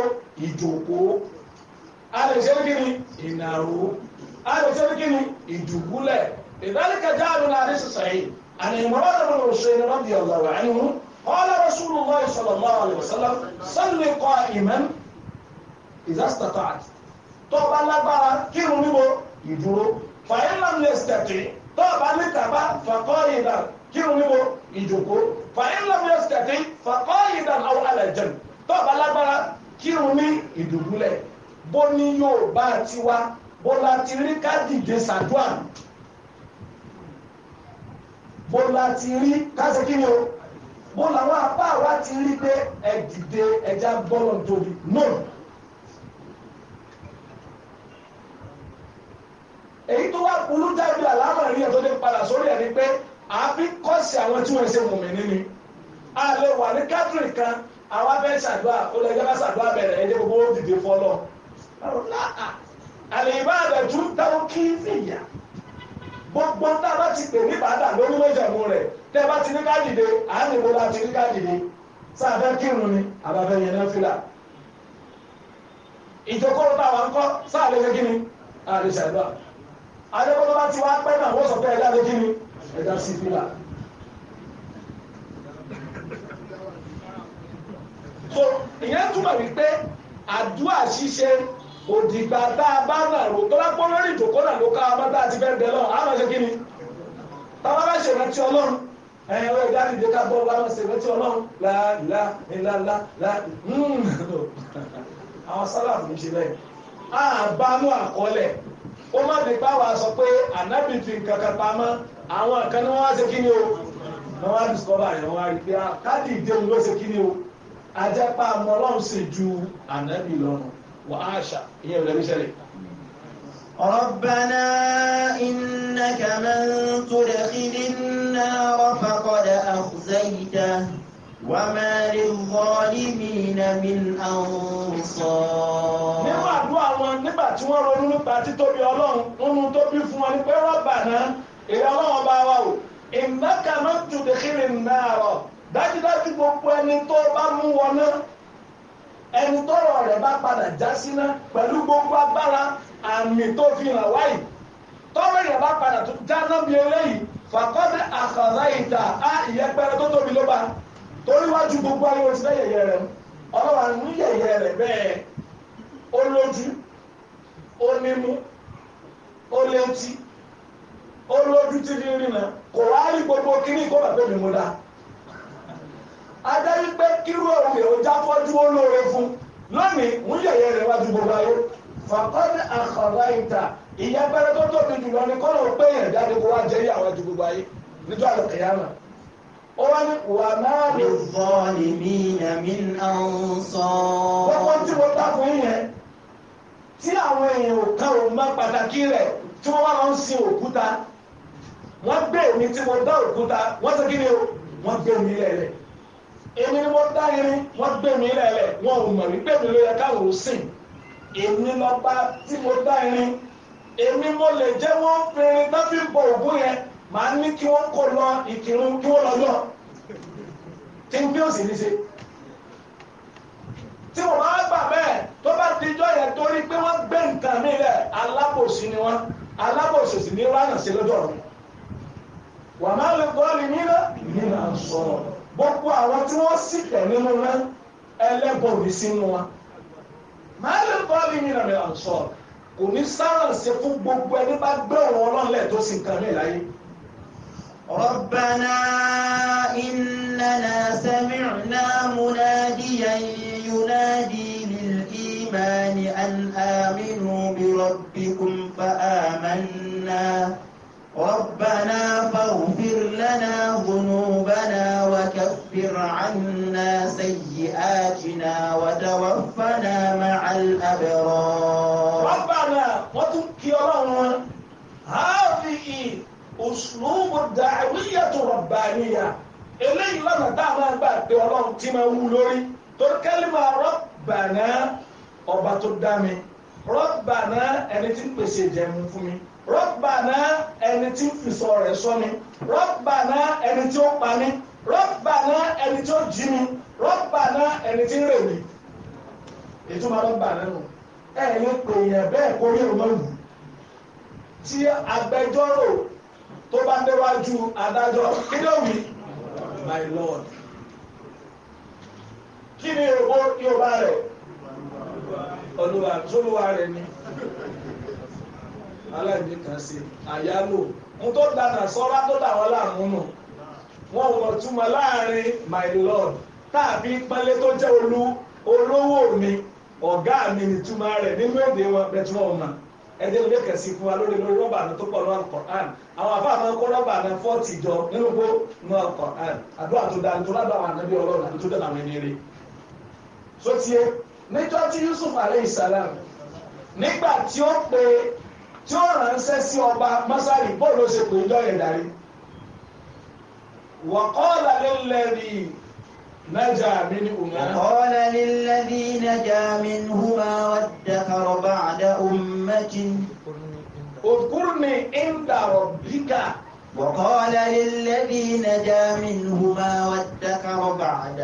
ìjòkóó a lè ṣe kíni ìnàró a lè ṣe kíni ìdùbúlẹ̀ ìdáríkà jáàmù náà ní àná ìmọ̀ràn náà ló ṣe ní wọ́n di ọ̀gá wà nínú قال رسول الله صلى الله عليه وسلم صل قائما إذا استطعت tó bá lágbára kírun níbo ìdúró fàyín lam yastati tó bá ní tàbá faqa'idan kírun níbo ìjòkó fàyín lam yastati faqa'idan aw ala jamb tó bá lágbára kírun ní ìdùbúlẹ̀ bó ní yóò bá tiwa bó láti rí ká dìde sàdúà bó láti rí ká kí ni o bó làwọn apá wa ti rí pé ẹ dìde ẹja gbọ́dọ̀ tóbi náà. èyí tó wá burú jáde àlámọ̀rí ẹ̀ tó dé padà sórí ẹ̀ ni pé àbí kọ́ọ̀sì àwọn tí wọ́n ṣe mùmínì ni a lè wà ní catholic kan àwọn abẹ́ ṣàdúrà ó lè jẹ́ká ṣàdúrà bẹ̀rẹ̀ ẹ̀jẹ̀ gbogbo ó dìde fọlọ́ àlè ìbáàdà tún dáwọ́ kí nìyà gbogbo tá a bá ti pè ní bàdà lórí méjèèmú rẹ̀ tẹ́ bá ti ní ká dìde àánìwó la ti ní ká dìde sáfẹ́ kírun ni àbáfẹ́ yẹn náà fìlà ìjókòó táwa ń kọ́ sáà lè ṣe kí ni àlè ṣàdúrà adébọ́lá bá ti wá pẹ́ náà wọ́n sọ pé ẹ̀dá lé kíni ẹ̀dá sí pílà. so ìyẹn túmọ̀ wípé àdúrà ṣíṣe òdìgbà tá a bá nà rò tó lápò lórí ìjòkó náà ló ká ọmọ tá a ti fẹ́ bẹ̀ lọ́wọ́ hmm. àwọn ṣe kíni táwọn bá ṣe rántí ọlọ́run ẹ̀yìn ọ̀rọ̀ ìdá nìjẹ́ ká bọ́ láwọn ṣe rántí ọlọ́run láàlá ńláńlá láàlá àwọn sálàmù ń ṣe bẹ́ẹ̀ àbámú àkọọ́lẹ̀ ó má di pa wàá sọ pé ànábì fi nǹkan kan pamọ́ àwọn kan ní wọ́n wá ṣe kí ni o wọ́n wá discover yẹn wọ́n wá rí pé káàdì ah, ìdéhùn ló ṣe kí ni o ajẹ́pá ọmọ ọlọ́run sì ju ànábì lọ́rùn wàá ṣà ìyẹn ò ṣẹlẹ̀. ربنا إنك من تدخل النار فقد أخزيته وما للظالمين من أنصار tí wọ́n ronú nípa títóbi ọlọ́run nínú tó bí fún wọn ni pé rọ́bà náà èrè ọlọ́run bá wà o ìmọ̀ká máa ń tún dèkìrì náà rọ̀ dájúdájú gbogbo ẹni tó bá mú wọn náà ẹni tọrọ rẹ̀ bá padà já síná pẹ̀lú gbogbo agbára àmì tó fi hàn wáyé tọrọ rẹ̀ bá padà tó já náà bí eléyìí fàkọ́dé àkàrà ìta á ìyẹpẹrẹ tó tóbi ló bá torí gbogbo ayé wọn ti fẹ́ yẹ̀yẹ́ rẹ̀ ọlọ́wà ń yẹ̀yẹ́ rẹ̀ bẹ́ẹ̀ ó lójú ó nímú ó létí ó lójú tí fi rìnà kò wá rí gbogbo kíní kó bàbá mi mú dá adájú pé kírú òun èrò jáfọ́jú ó lóore fún lónìí mú yẹ̀yẹ́ rẹ̀ wájú gbogbo ayé fàkọ́dé àkàrà ìta ìyá pẹ́rẹ́ tó tóbi jùlọ ní kọ́nà pé yẹn jáde kó wá jẹ́rí àwọn ju gbogbo ayé níjọ́ àlùkìyàmà ó wá ní wà máa lè. mi ò fọ́ ni mí nà mí ń sọ. gbogbo tí mo ta fún yẹn tí àwọn èèyàn kan ò mọ pàtàkì rẹ̀ tí wọ́n wá lọ ń sin òkúta wọ́n gbé èmi tí mo dá òkúta wọ́n ti kí ni o wọ́n gbé mi lẹ̀lẹ̀ èmi ni mo dá irin wọ́n gbé mi lẹ̀lẹ̀ wọn ò mọ̀ wípé mi ló yẹ káwọn ò sìn èmi lọ́ba tí mo dá irin èmi mo lè jẹ́ wọ́n fèrè tó fi bọ̀ ògún yẹn màá ní kí wọ́n kó lọ ìkírun kí wọ́n lọ yọ tí n bí ó sì ní ṣe tí wọ́n máa gbà bẹ́ẹ̀ tó bá dijọ́ yẹn torí pé wọ́n gbé nǹkan mi rẹ̀ alábòsí ni wọ́n alábòsí sì ní ránà sí lọ́jọ́ rẹ̀ wà máa lè gbọ́ ni nínú nínú sọ̀rọ̀ gbogbo àwọn tí wọ́n sì tẹ̀ nínú náà ẹlẹ́bọ̀ ní sínú wa máa lè gbọ́ ni nínú nínú sọ̀rọ̀ kò ní sáwọn ṣe fún gbogbo ẹni bá gbé ọ̀rọ̀ ọlọ́lẹ̀ tó sì nǹkan mi láyé. ربنا إننا سمعنا مناديا ينادي للإيمان أن آمنوا بربكم فآمنا ربنا فاغفر لنا ذنوبنا وكفر عنا سيئاتنا وتوفنا مع الأبرار ربنا وتنكرنا هذه أسلوب الدعوية الربانية إلي لنا دعنا بعد máa gbà torí kálímà rọ́bàná ọba tó dá mi rọ́bàná ẹni tí ń pèsè ìjẹun fún mi rọ́bàná ẹni tí ń fìsọ rẹ̀ sọ mi rọ́bàná ẹni tí ó pa mi rọ́bàná ẹni tí ó jí mi rọ́bàná ẹni tí ń rè mí ìtumọ̀ rọ́bàná nù ẹ̀yin pèèyàn bẹ́ẹ̀ kó rí ọmọ ìlú tí agbẹjọ́rò tó bá déwájú adájọ́ kí ló wí my lord kí ni yorùbá rẹ̀ olúwa tólúwa rẹ̀ ni aláìní kan sí àyálò mo tó dáná sọ́ra tó dà wọ́n láàmú nù láàrin my lord tàbí bi, tó jẹ́ olú olówó mi ọ̀gá mi ni túmọ̀ rẹ̀ nínú èdè wọn bẹ́tùmọ̀ ọ̀nà ẹdín ló dẹ́kẹ̀ fún wa lórí lórí rọ́bà náà tó pọ̀ lọ́wọ́ al àwọn afá máa ń kó rọ́bà tó tiẹ̀ e, níjọ́ tí Yusuf aleyhi salam nígbà tí ó pe tí ó ránṣẹ́ sí ọba masari bóòlù ṣe pè jọ yẹn darí wàkọ́ọ̀lá lẹ́lẹ́rì nájà mínú umma. wàkọ́ọ̀lá lẹ́lẹ́rì nájà mínú umma wàdàkàrọ̀ bá àdá ummati. اذكرني عند ربك وقال للذي نجا منهما وادكر بعد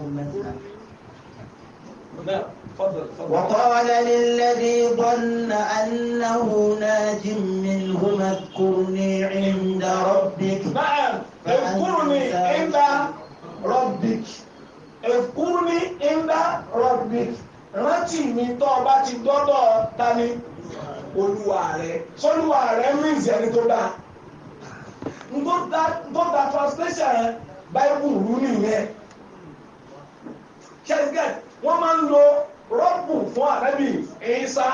أمتنا وقال للذي ظن أنه ناج منهما اذكرني عند ربك نعم اذكرني عند ربك اذكرني عند ربك rántí mi tó o bá ti dọ́dọ̀ tani olúwa rẹ sọlúwa rẹ means ẹni tó dáa ngóta translation báyìí wù nìyẹn ṣẹ́ńgẹ̀t wọ́n máa ń lo rọ́bù fún ànábì Ìsá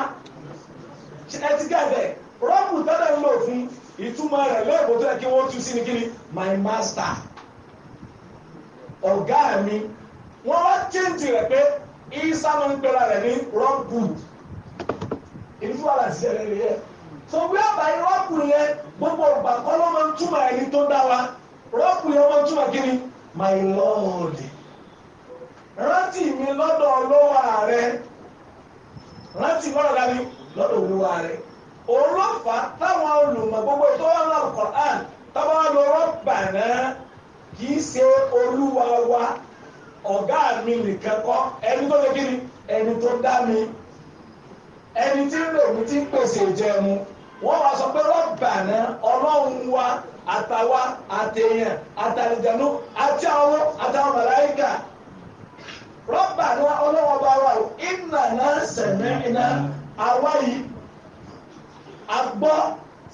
ẹtí gàdẹ̀ rọ́bù tẹ́lẹ̀ ń lò fún ìtumọ̀ rẹ̀ lẹ́ẹ̀kọ́ tó yẹ kí wọ́n tú sí ni kíni my master ọ̀gá mi wọ́n wá chéǹtì rẹ̀ pé Ìsá máa ń pera rẹ̀ ní rọ́bù ìlú àlàsílẹ̀ rẹ̀ yẹ so bí àbáyé rọ́bù yẹn gbogbo ọgbà kọ́ ló máa ń túmọ̀ ẹni tó dá wa rọ́bù yẹn wọ́n túmọ̀ kíni my lord rántí mi lọ́dọ̀ olówó rẹ rántí lọ́dọ̀ dábí lọ́dọ̀ olówó rẹ olófà táwọn olùmọ̀ gbogbo tó wà lọ Qur'an tábà lọ rọ́bà náà kì í ṣe olúwa wa ọ̀gá mi nìkan kọ́ ẹni tó lè kí ni ẹni tó dá mi ẹni tí ń lò mí tí ń pèsè ìjẹun wọ́n wá sọ pé rọ́bà náà ọlọ́run wa àtàwa àtẹ̀yàn àtàlìjànú àti àwọn àtàwọn màláìkà rọ́bà ní ọlọ́wọ́ bá wà ó iná náà sẹ̀mí iná àwa yìí a gbọ́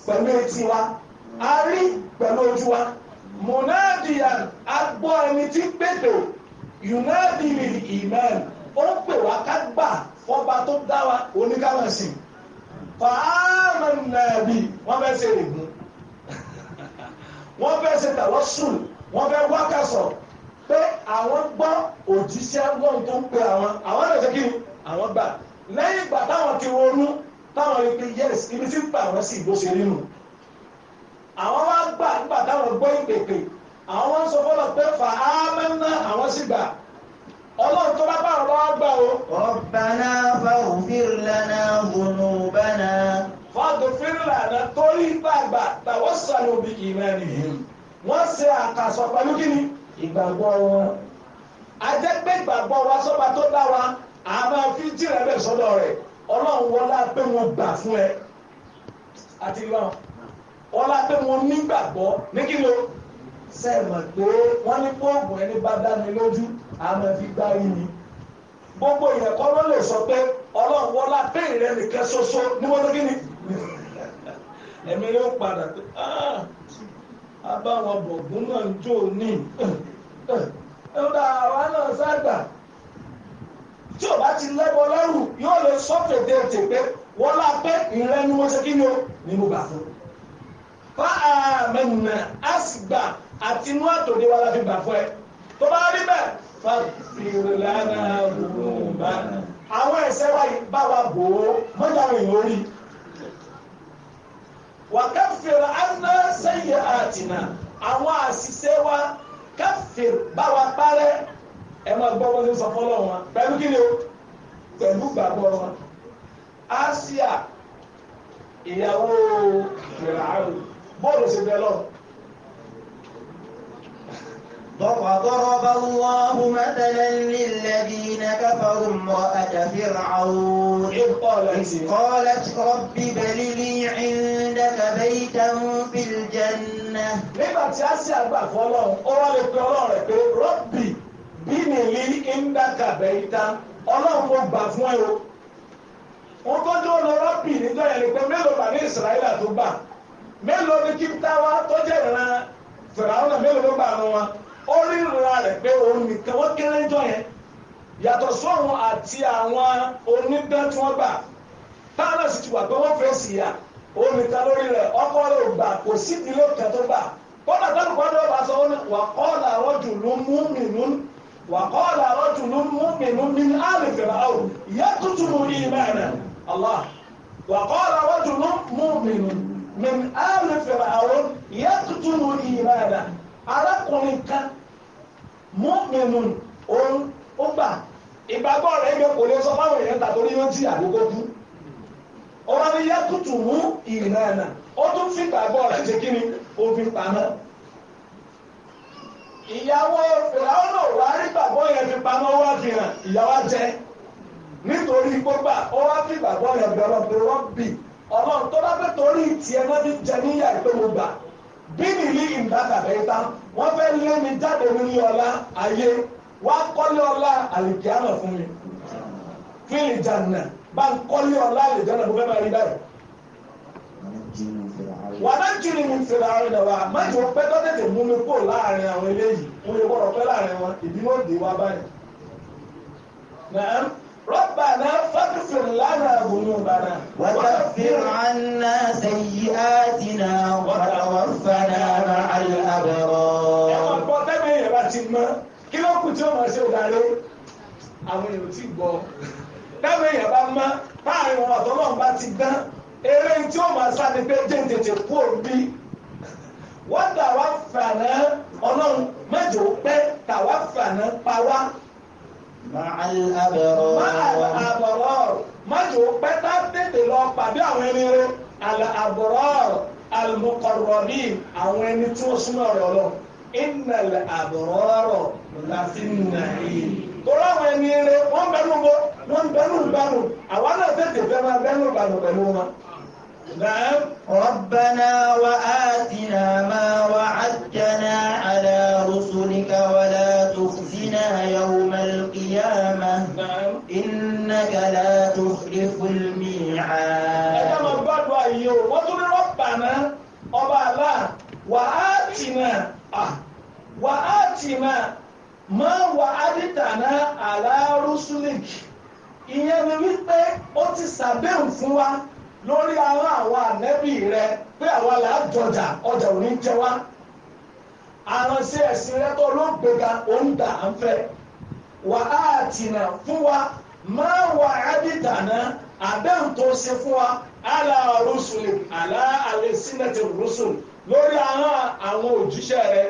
pẹ̀lú etí wa a rí pẹ̀lú ojú wa munadiyan a gbọ́ ẹni tí pètò yunadi lil iman ó ń pè wá ká gbà ọba tó dá wa oníkàwọ̀sìn fàámà nàbì fẹ́ ṣe ègún wọ́n fẹ́ ṣe tàwọ́sùn wọ́n fẹ́ wákàsọ̀ pé àwọn gbọ́ òjíṣẹ́ ọlọ́run tó ń pe àwọn àwọn ẹ̀rọ ṣe kí ni àwọn gbà lẹ́yìn ìgbà táwọn ti ronú táwọn rí pé yẹ́s ibi tí ń pa àwọn sí ìbò ṣe rí nù àwọn wá gbà nígbà táwọn gbọ́ ìpèpè àwọn wá ń sọ fọlọ pé fà á mẹ́ná àwọn sì gbà ọlọ́run tó bá bá lọ́wọ́ gbà o. ọ̀bàná fàwùfíìr lánà gbòòrò bánà. fàdùfíìr lánà torí gbàgbà tàwọn sàlùbí ìmẹ́rin wọ́n ṣe ìgbàgbọ́ wọn ajẹ́ pé ìgbàgbọ́ wa sọ́ba tó dá wa a máa fi jìnnà bẹ́ẹ̀ sọ́dọ̀ rẹ̀ ọlọ́run wọlá pé wọn gbà fún ẹ àti lọ́n wọlá pé wọn nígbàgbọ́ ní kí ló sẹ́ẹ̀mọ̀ pé wọ́n ní pọ́ọ̀gùn ẹni bá dá mi lójú a máa fi gbá rí mi gbogbo yẹn kọ́ ló lè sọ pé ọlọ́run wọlá pé ìrẹ́ nìkan ṣoṣo ní wọ́n tó kí ni ẹ̀mí yóò padà pé ah abáwọn bọ̀gún náà ń jó ní nígbà àwa náà ságbà tí ò bá ti lẹ́bọ lẹ́rù yóò lè sọ́fẹ̀ dé tèpé wọ́n lá pé ìrẹ́ ni wọ́n ṣe kí ni ó ní mo gbà fún. fa àmẹ́nà á sì gbà àti inú àtòdé wa la fi gbà fún ẹ tó bá rí bẹ́ẹ̀ fa ìrìnlànà òun bá àwọn ẹ̀ṣẹ̀ wa bá wa bò ó mọ́jà rìn lórí wàkàfẹ̀rẹ̀ àná sẹ́yìn àtìnà àwọn àṣìṣe wa káfẹ̀ báwa parẹ́ ẹ máa gbọ́ wọn ní sọ wọn pẹ̀lú kí ni o pẹ̀lú gbàgbọ́ wọn. Asia ìyàwó Fìràhàn bọ́ọ̀lù ṣe bẹ́ẹ̀ lọ́wọ́. وضرب الله مثلا للذين كفروا امرأة فرعون إذ قالت, قالت رب بل لي عندك بيتا في الجنة nígbà tí a ṣe àgbà fọlọ́run ó rọ́lẹ̀ pé ọlọ́run rẹ̀ pé rọ́bì bí mi lè ìndàkà bẹ́ẹ̀ta ọlọ́run kò gbà fún ẹ o wọ́n tó dé ọ̀nà rọ́bì níjọ́ yẹn lè pé mélòó bàbá ìsirayílà tó gbà mélòó ní kíkútà wa tó jẹ́ ìran fìràwọ́n mélòó ló gbà nù wọn ó rí ìrora rẹ̀ pé òun nìkan wọ́n kéré jọ yẹn yàtọ̀ sóhun àti àwọn onígbẹ́ tí wọ́n gbà táwọn náà sì ti wà pé wọ́n fẹ́ sí ya òun nìkan lórí rẹ̀ ọkọ rẹ̀ ò gbà kò sí ìdílé kan tó gbà kódà tó lùkọ́ ló bá sọ wọn wà qala rajulun mu'minun wà qala rajulun mu'minun min ali fir'aun yatlubu imana Allah wà qala rajulun mu'minun min ali fir'aun yatlubu imana arákùnrin kan mọ́mìnmù òun ó gbà ìgbàgbọ́ rẹ̀ gbé kò lè sọ fáwọn èèyàn tà torí wọ́n ti àkókò kú ọmọ mi yá tutù mú ìrìnàna ó tún fi ìgbàgbọ́ rẹ̀ ṣe kí ni òfin pamọ́ ìyàwó ìyàwó náà wà á rí gbàgbọ́ yẹn fi pamọ́ wá fi hàn ìyàwó jẹ nítorí gbogbo ó wá fi gbàgbọ́ yẹn bẹ̀rọ̀ bẹ̀rọ̀ bì ọlọ́run tó bá fẹ́ torí tiẹ̀ náà ti jẹ níyà ìpéwò gbà bíbélì ìdátàbẹ́ta wọ́n fẹ́ lé mi jáde nílé ọlá ayé wá kọ́lé ọlá àlìkíyàmọ̀ fún mi kí bá ń kọ́lé ọlá àlìjàǹnà fún fẹ́ẹ́ máa rí báyìí. wàdà ní ìṣẹ̀lẹ̀ àárín náà wá pé mú mi láàrin àwọn eléyìí mo lè ربنا فاغفر لنا ذنوبنا وكفر عنا سيئاتنا وتوفنا مع الأبرار kí ló kù tí ó máa ṣe òdarí àwọn ti gbọ́ dábẹ́ èèyàn bá má láàrin wọn àtọ́ náà bá ti dán eré tí ó máa sáré pé jẹ́ǹtẹ̀tẹ̀ kú òbí wọ́n dà wá fànà ọlọ́run mẹ́jọ pé tàwa fànà pa wá àbọ̀rọ̀ májò pẹ́tà tètè lọ pàdé àwọn ẹni rẹ àbọ̀rọ̀ àlùmọ̀kọ̀rọ̀bí àwọn ẹni tí ó súnmọ́ ọ̀rọ̀ lọ ìnàlẹ̀ àbọ̀rọ̀ láti nàìjíríà torí àwọn ẹni rẹ wọ́n bẹ̀rù bọ́ wọ́n bẹ̀rù bẹ̀rù àwọn náà tètè fẹ́ máa bẹ̀rù bẹ̀rù pẹ̀lú wọn. ربنا وآتنا ما وعدتنا على رسلك ولا تخزنا يوم القيامة إنك لا تخلف الميعاد ربنا أبا وآتنا وآتنا ما وعدتنا على رسلك إن mi wípé ó ti lórí ara àwọn ànẹ́bí rẹ pé àwa là á jọjà ọjà ò ní jẹ wá àránṣẹ́ ẹ̀sìn rẹ tó ló ń gbéga òun dà á ń fẹ́ wà á tìǹà fún wa máa wà á bí dànà àdéhùn tó ṣe fún wa àlà rúṣùlì àlà àlè sínẹ́tì rúṣùlì lórí àwọn àwọn òjíṣẹ́ rẹ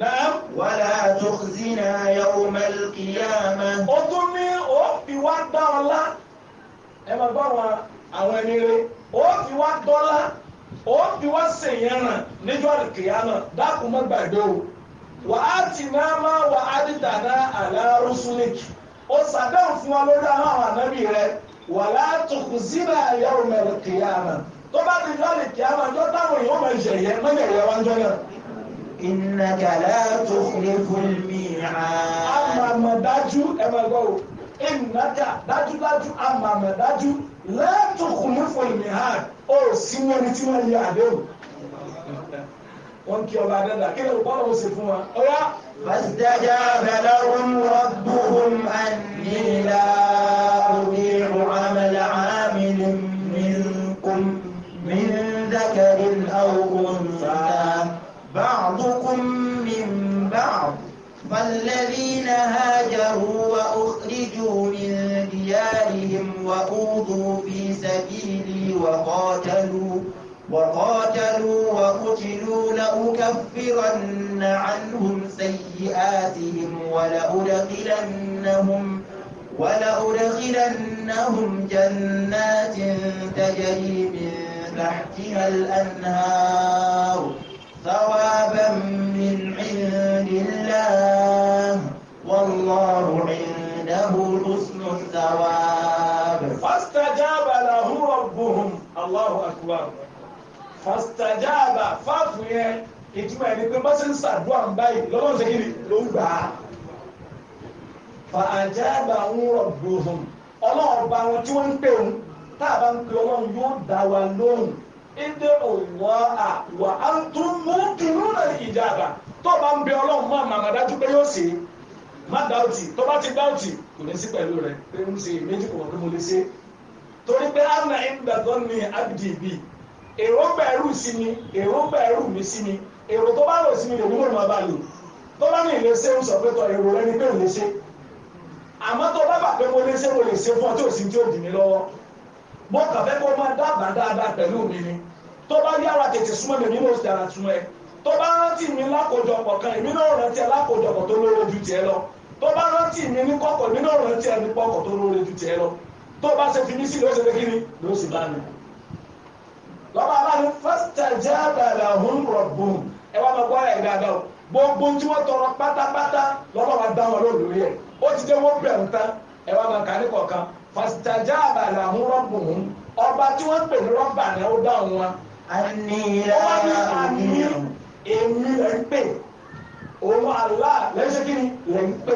Naam. Wàlá tukhzina yawmal qiyamah. Ó tún ní ó fi wá dá ọlá. Ẹ máa bá wọn àwọn ẹni rẹ ó fi wá dọ́là ó fi wá sèyàn ràn níjọ́ àdìkìyàmà dákun má gbàgbé o wà á ti náà máa wà á ti dàná àlá rúsúlẹ̀kì ó sàdáhùn fún wa lórí àwọn ànábì rẹ wà látùkù sínú àyẹ̀wò mẹ́rẹ̀kìyàmà tó bá ti jọ́ àdìkìyàmà jọ́ táwọn èèyàn máa yẹ̀yẹ́ mẹ́yẹ̀yẹ́ wájọ́ náà. Innaka la tukhliful mi'ad. Amàmà dájú ẹ máa gbọ́ o. látòkùn mẹ́fọ̀ ìmì hàn ó sí ní ẹni tí wọ́n yẹ àdéhùn wọ́n kí ọba dẹ́dà kí lóò bọ́lọ̀ ó sì fún wa ọ̀yá. fàṣítẹ́jà bẹ̀rẹ̀ ń rọ́gbùhùn àníìlà òní muhammed amílì minkum min dakarin awon sa ba'dukum min ba'd فالذين هاجروا وأخرجوا من ديارهم وأوذوا في سبيلي وقاتلوا وقاتلوا وقتلوا لأكفرن عنهم سيئاتهم ولأدخلنهم ولأدخلنهم جنات تجري من تحتها الأنهار ثوابا من عند الله والله عند إنه حسن الثواب فاستجاب له ربهم الله أكبر فاستجاب فافوية ìtumọ̀ ẹni pé bọ́sẹ̀ ń sàdúrà báyìí lọ́wọ́ ṣe kiri ló ń gbà á. fàájáàbà ń rọ̀ gbòòhùn wọn tí wọ́n ń pè ń tá a bá ń pè ọlọ́run yóò dá wa lóhùn. ìdè òwò bá ń má dáùtì tó bá ti dáùtì kò ní sí pẹ̀lú rẹ̀ pé ń ṣe méjì kò wọ́n mo lè ṣe torí pé anna ìgbàgbọ́ ni abdi bi èròǹgbà ẹrù sí mi èròǹgbà ẹrù mi sí mi èrò tó bá lò sí mi lè ní mọ̀nà bá lò tó bá ní ilé ṣe ń sọ pé tọ èrò rẹ ni pé ò lè ṣe àmọ́ tó bá bà pé mo lè ṣe mo lè ṣe fún ọ tí ò sí tí ò dì mí lọ́wọ́ mo kàn fẹ́ kó máa dábàá dáadáa pẹ̀lú mi ni tó bá yára tètè súnmọ́ mi ní mo sì dára súnmọ́ ẹ tó bá rántí mi lákòjọpọ̀ kan èmi náà rántí ẹ lákòjọpọ̀ tó lóró ju tiẹ lọ tó bá rántí mi ní kọ́kọ́ mi náà rántí ẹni pọ́kọ̀ tó lóore ju tiẹ̀ lọ tó bá ṣe fi mí sí ni ló sì bá mi. lọ́ba aláàánú fastajaba lahum rabbuhum ẹ wá máa gbọ́ra gbogbo tí wọ́n tọrọ pátápátá lọ́wọ́ wa dá wọn lórí ó ti dé wọ́n tán ẹ wá máa kọ̀ọ̀kan ọba òun Allah lẹ́sẹ̀ kí ni lẹ́yìn tó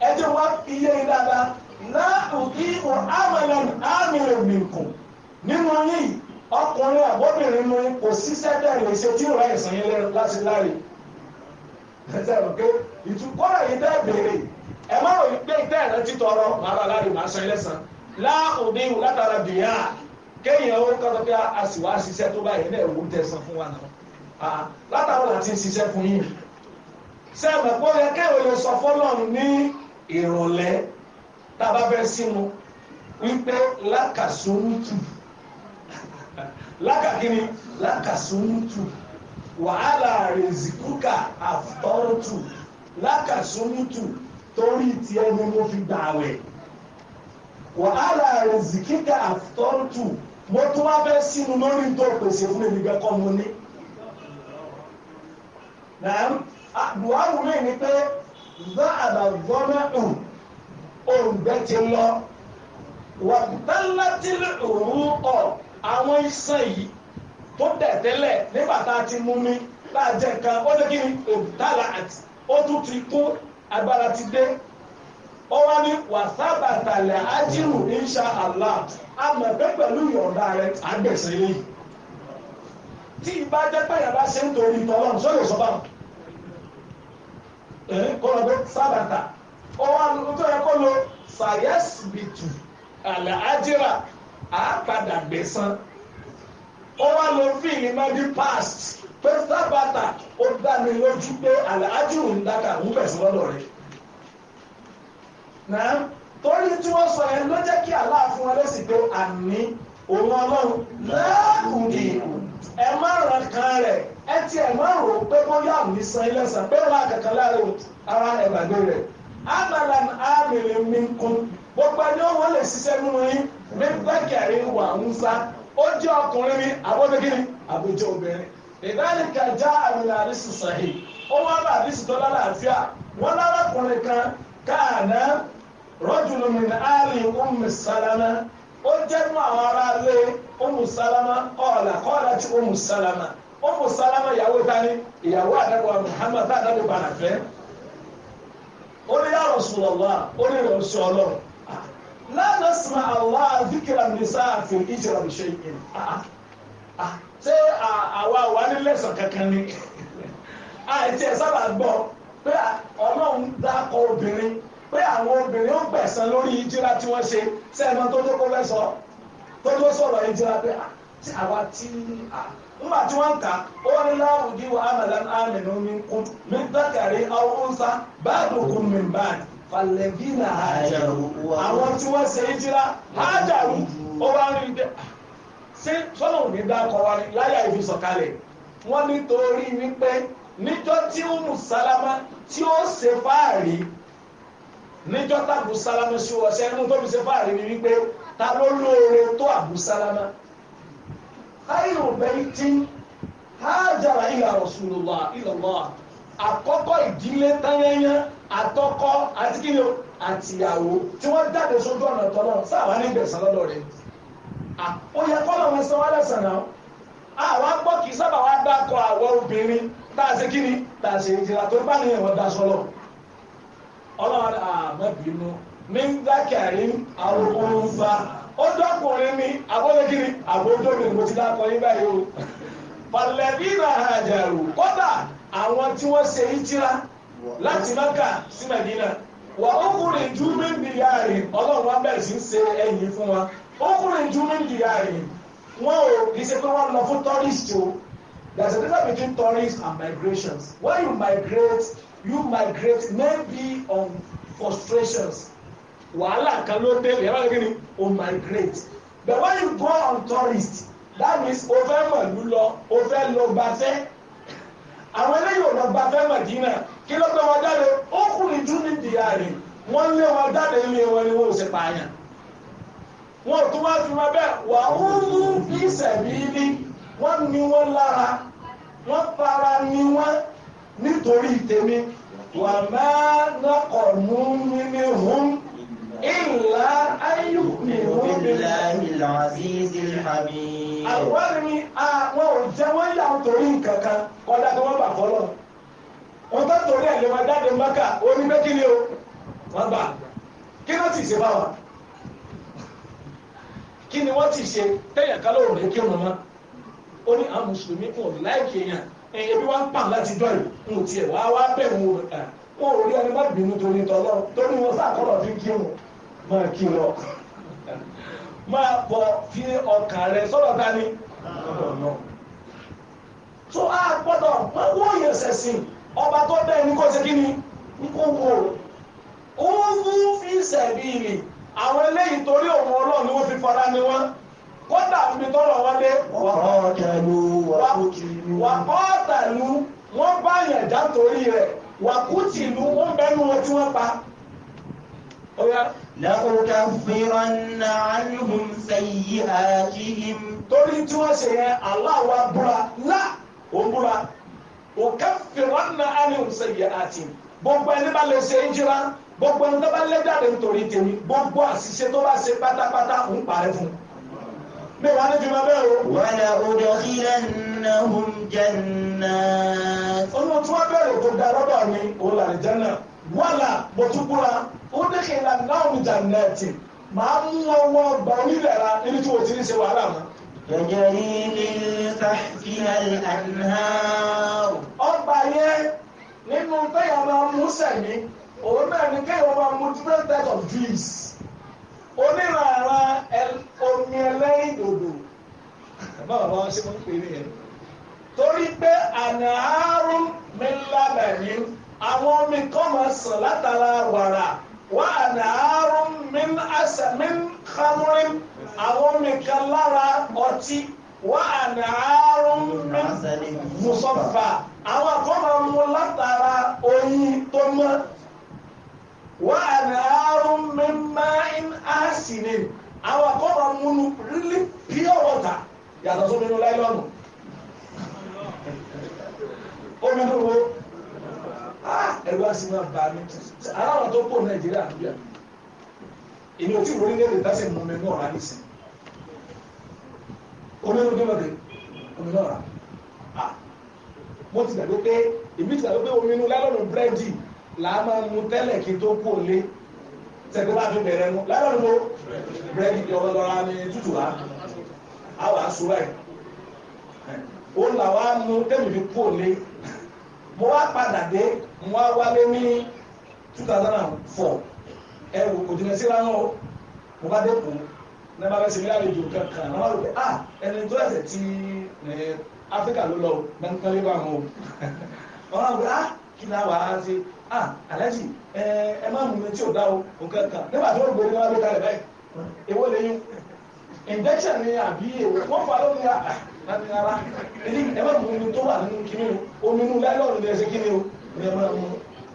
ẹ jẹ́ wá iye dáadáa láàbùkí àmàlà àmìlẹ̀ mìkùn nínú yìí ọkùnrin àbọ́bìnrin mu kò síṣẹ́ bẹ́ẹ̀ lè ṣe tí ò ráyè sàn yín láti láre ẹsẹ̀ rẹ̀ pé ìtukọ́rọ̀ yìí dẹ́ béèrè ẹ má ròyìn pé ìtẹ́ ẹ̀rẹ́ ti tọrọ màá bá láre màá sàn yín lẹ́sàn láàbùkí látara bìyà kéèyàn ó kọ́ tó pé a ṣiṣẹ́ tó báyìí náà wò ó tẹ̀sán fún wa náà látàwọn àti ṣiṣẹ́ fún yìí sẹ́ẹ̀mọ̀ pé ó yẹ kéèyàn lè sọ fọ́lọ́run ní ìrọ̀lẹ́ tá a bá fẹ́ sínú wípé lákàsóńtù lákàkíní lákàsóńtù wàhálà rèzìkúkà àfọ́rọ́tù lákàsóńtù torí ti ẹni mo fi gbà wẹ̀ wàhálà rèzìkúkà àfọ́rọ́tù mo tún wá fẹ́ sínú lórí tó pèsè fún èmi gẹ́kọ́ mo ní buhari náà ni pé bá àbàgbọ́nà òun òǹgbẹ ti lọ wà bẹ́lá tí òun ọ̀ àwọn iṣan yìí tó dẹ̀ tẹ́lẹ̀ nígbà tá a ti mú mi láàjẹ kan ó lé kí ni òbítàlà àti ó tún ti kú agbára ti dé ó wá ní wàsábàtàlẹ̀ ájírù insha allah amọ̀pẹ́ pẹ̀lú ìyọ̀ǹda rẹ̀ àgbẹ̀sẹ̀ yìí tí ìbá jẹ́ pẹ̀yà bá ṣe ń torí tọ́lọ́run sóyè sọ́bàrún kọ́lọ̀ sabata sábàtà ọwọ́ àlùkùtọ̀ yẹ kọ́ lo sàyẹ́sìbìtù àlà ájírà àpàdà gbẹ̀sán ọwọ́ àlọ́ fíìlì mẹ́bí past pé sabata ó dá mi lójú pé àlà ájírù ń dáka ń bẹ̀sí lọ́dọ̀ rẹ̀ náà torí tí wọ́n sọ yẹn ló jẹ́ kí aláàfin wọn lẹ́sìn pé àní òun ọlọ́run lẹ́kùnrin ẹ má ràn kan rẹ̀ ẹ ti ẹ̀ má rò pé bóyá àwọn ìsan ilé ẹ̀sán pé wọn àkàkà láàrin ara ẹ̀bàdé rẹ̀ amala amèrè mi kún gbogbo ẹni wọn lè ṣiṣẹ́ nínú yín mi gbẹ́kẹ̀rí wà ń sá ó ọkùnrin mi àbójúkiri àbójú obìnrin ó wá bá tó lálàáfíà wọn kan àárín ọmọ sálámà. ó jẹ́nu àwọn aráalé Ummu Salama ọ̀là kọ́ọ̀là tí Ummu Salama Ummu Salama ìyàwó dání ìyàwó àdàbọ̀ Muhammad àdàbọ̀ bànàfẹ́ ó ní ya Rasulullah ó ní ìrọ̀sọ ọlọ́run ah, la nasma Allah dhikra nisaa fi al-hijra bi shay'in ah, ah, ṣé àwa wà ní lẹ́sàn kankan ni àìjẹ́ sábà gbọ́ pé ọlọ́run dákọ̀ obìnrin pé àwọn obìnrin ń gbẹ̀sán lórí ìjìra tí wọ́n ṣe sẹ́ẹ̀mọ́ tó tó kó fẹ́ sọ tó tó sọ̀rọ̀ ìjìra pé ah, tí àwa tí a ah. nígbà tí wọ́n ń kà ó wọ́n ní láwùjí wa amalan aminu minkum min dakari aw unsa ba'dukum min ba'd falẹ̀bínà hajaru àwọn tí wọ́n ṣe ìjìra hajaru ó wá rí i dé ṣé sọ́nà ò ní dákọ̀ wá ní láyà ìfi sọ̀kalẹ̀ wọ́n nítorí wípé níjọ́ tí ó mú sálámà tí ó ṣe fáàrí níjọ́ tàbù sálámà sí wọ́n ṣe ẹnu tó fi ṣe fáàrí ni wípé ta ló lóore tó àbù sálámà káyọ̀ bẹ́ẹ̀ tí hájára ìlà Rasulullah ìlọ́lọ́ àkọ́kọ́ ìdílé tányányá àtọkọ àti kílò àtìyàwó tí wọ́n jáde sójú ọ̀nà tọ́lọ́ sáà ní gbẹ̀sán lọ́dọ̀ rẹ̀ ó yẹ kọ́lọ̀ wọn sanwó lẹ́sàn náà àwọn agbọ́kì sábà wá dákọ̀ àwọn obìnrin tá a ṣe kíni tá a ṣe ìjìnlá tó bá nìyẹn wọ́n dá sọ́lọ́ ọlọ́run àmọ́ bínú ní dákẹ́rin àwòkúnfà ó dọ́kùnrin mi àbójúkiri àbójómi mo ti dákọ yín báyìí o pàlẹ́bí náà hajaru kódà àwọn tí wọ́n ṣe ìjìra láti Mákà sí Mẹ̀dínà wà ókùnrin jú mi ń dìyà ọlọ́run wa bẹ̀rẹ̀ sí ń ṣe ẹ̀yìn fún wa ókùnrin jú mi ń dìyà rìn wọn ò kì í ṣe pé wọ́n lọ fún tourist o there is a difference between tourists and migrations when you migrate you migrate maybe on frustrations wàhálà kan ló dé ìyá wàhálà kìíní o migrate but when you go on tourist that means o fẹ́ mọ̀lú lọ o fẹ́ lọ gbafẹ́ àwọn eléyìí ò lọ gbafẹ́ Mẹdínà kí ló gbé wọn jáde ó kù ní dún ní dìyà rẹ̀ wọ́n lé wọn jáde ilé wọn ni wọ́n ò sì pààyàn wọn ò tún wá fi wọn bẹ́ẹ̀ wà ó mú bí ní wọ́n ní wọn lára wọ́n para ní wọn nítorí tèmi wà máa nọkọ̀ mú mímí hún ìlà ayú mi hún bílá ìlà àzízì àmì. àwọn ni àwọn ò jẹ́ wọ́n yà ń torí nǹkan kan kọ́dá kí wọ́n bà fọ́lọ́ wọ́n bá torí ẹ̀ lè jáde Mákà orí bẹ́ẹ̀ kí ni o wọ́n gbà kí ló ti ṣe báwọn kí ni wọ́n ti ṣe tẹ̀yàn kálọ̀ òde kí wọn mọ́ o ní àwọn mùsùlùmí kò láìkì èèyàn ebi wá ń pàm láti dọ́ yìí n ò tiẹ̀ wá wá bẹ̀rù wọn wọn ò rí ẹni má bínú torí tọ́lọ́ torí wọn sàkọ́rọ̀ fi kí wọn máa kí lọ máa bọ̀ fi ọkàn rẹ sọ̀rọ̀ dání ọ̀dọ̀ náà tó a gbọ́dọ̀ máa wọ yẹn sẹ̀sìn ọba tó bẹ́ẹ̀ ní kò ṣe kí ni n kò wò ó ó ń fi sẹ̀bi rè àwọn eléyìí torí òun ọlọ́run ni wọ́n fi fara ni wọ́n kódà omi tọrọ wọn dé. ọ̀kọ́tàlú wàkútìlú. wàkọ́tàlú wọ́n bá yàn já torí rẹ̀ wàkútìlú wọ́n bẹ́nu wọn tí wọ́n pa. لأكفرن عنهم سيئاتهم torí tí wọ́n ṣe yẹn aláwa búra lá òun búra òkèfìránà ánìhùn sẹ́yìn àti gbogbo ẹni bá lè ṣe ìjìra gbogbo ẹni bá lè jáde nítorí tèmi gbogbo àṣìṣe tó bá ṣe pátápátá ń parẹ́ fún un mẹ́wàá ní jùlọ bẹ́ẹ̀ o. wàlà òdò ìlẹ̀ nà hùn jẹ́nà. olú tí wọ́n bẹ̀rẹ̀ tó da rọ́bà mi òun là ní jẹ́nà wàlà bọ̀túkúra ó dẹ́kẹ̀ ìlà náà ń jà nẹ́ẹ̀tì màá mú ọwọ́ gbà onílẹ̀ níbi tí o ti ní ṣe wàhálà mọ́. Tẹ̀jẹ̀rí ní tàkìlá àná. Ọgbà yẹn nínú tẹ́yọ̀ máa mú sẹ̀mí, òun náà ní kéèyàn máa mú different types of dreams onírànà omi ẹlẹ́rìndòdò bàbá bàbá wọn ṣe mọ́ pé ní ẹ̀rọ torí pé àná àárún mi lábẹ̀ ní àwọn omi kan máa sàn látara wàrà wà àná àárún mi àṣà mi khamrin àwọn omi kan lára ọtí wà àná àárún mi musaffa àwọn kan máa látara oyin tó mọ́. وأنهار من ماء آسن àwọn akọ́rọ̀ múnú rílí pure water yàtọ̀ sómi inú láìlọ́nù omi tó wo ẹ̀rọ àti máa bá mi aláwọ̀ tó pọ̀ nàìjíríà tó yà èmi ò tí ìwé nílé ìdásẹ̀ mú mi náà rà nísìn omi inú tó lọ́dẹ omi náà rà mo ti gbàgbé pé èmi ti gbàgbé pé omi inú láìlọ́nù búrẹ́dì làá máa mu tẹ́lẹ̀ kí n tó kú òlé sẹ́kọ́ bá fi bẹ̀rẹ̀ mu lẹ́yìn ọ̀dọ́ bẹ́ẹ̀ni ọ̀rọ̀lọ́ra ni tútù wá àwọn àṣù báyìí ó là wá mu tẹ́mi fi kú òlé mo wá padà dé mo wá wálé ní two thousand and four ẹrù kò jìnnà sí o mo bá dé kù ní bá fẹsẹ̀ nílẹ̀ àlejò kankan náà wà lóde ah ẹni tó ẹsẹ̀ ti Áfíríkà ló lọ o mẹ́ńtẹ́lẹ́ bá wọn o wọn náà wọ́n ah kí náà wàá ṣe ah aláàjì ẹ má mú mi tí ò dá o nǹkan kan nígbà tó ń gbóni wọn ló kalẹ̀ báyìí èwo lè injection ni àbí èwo wọ́n fa lómi àti ara ẹ má mú mi tó wà nínú kíní o omi inú láìlọ́ọ̀nù ni ẹ kíní o ẹ má mú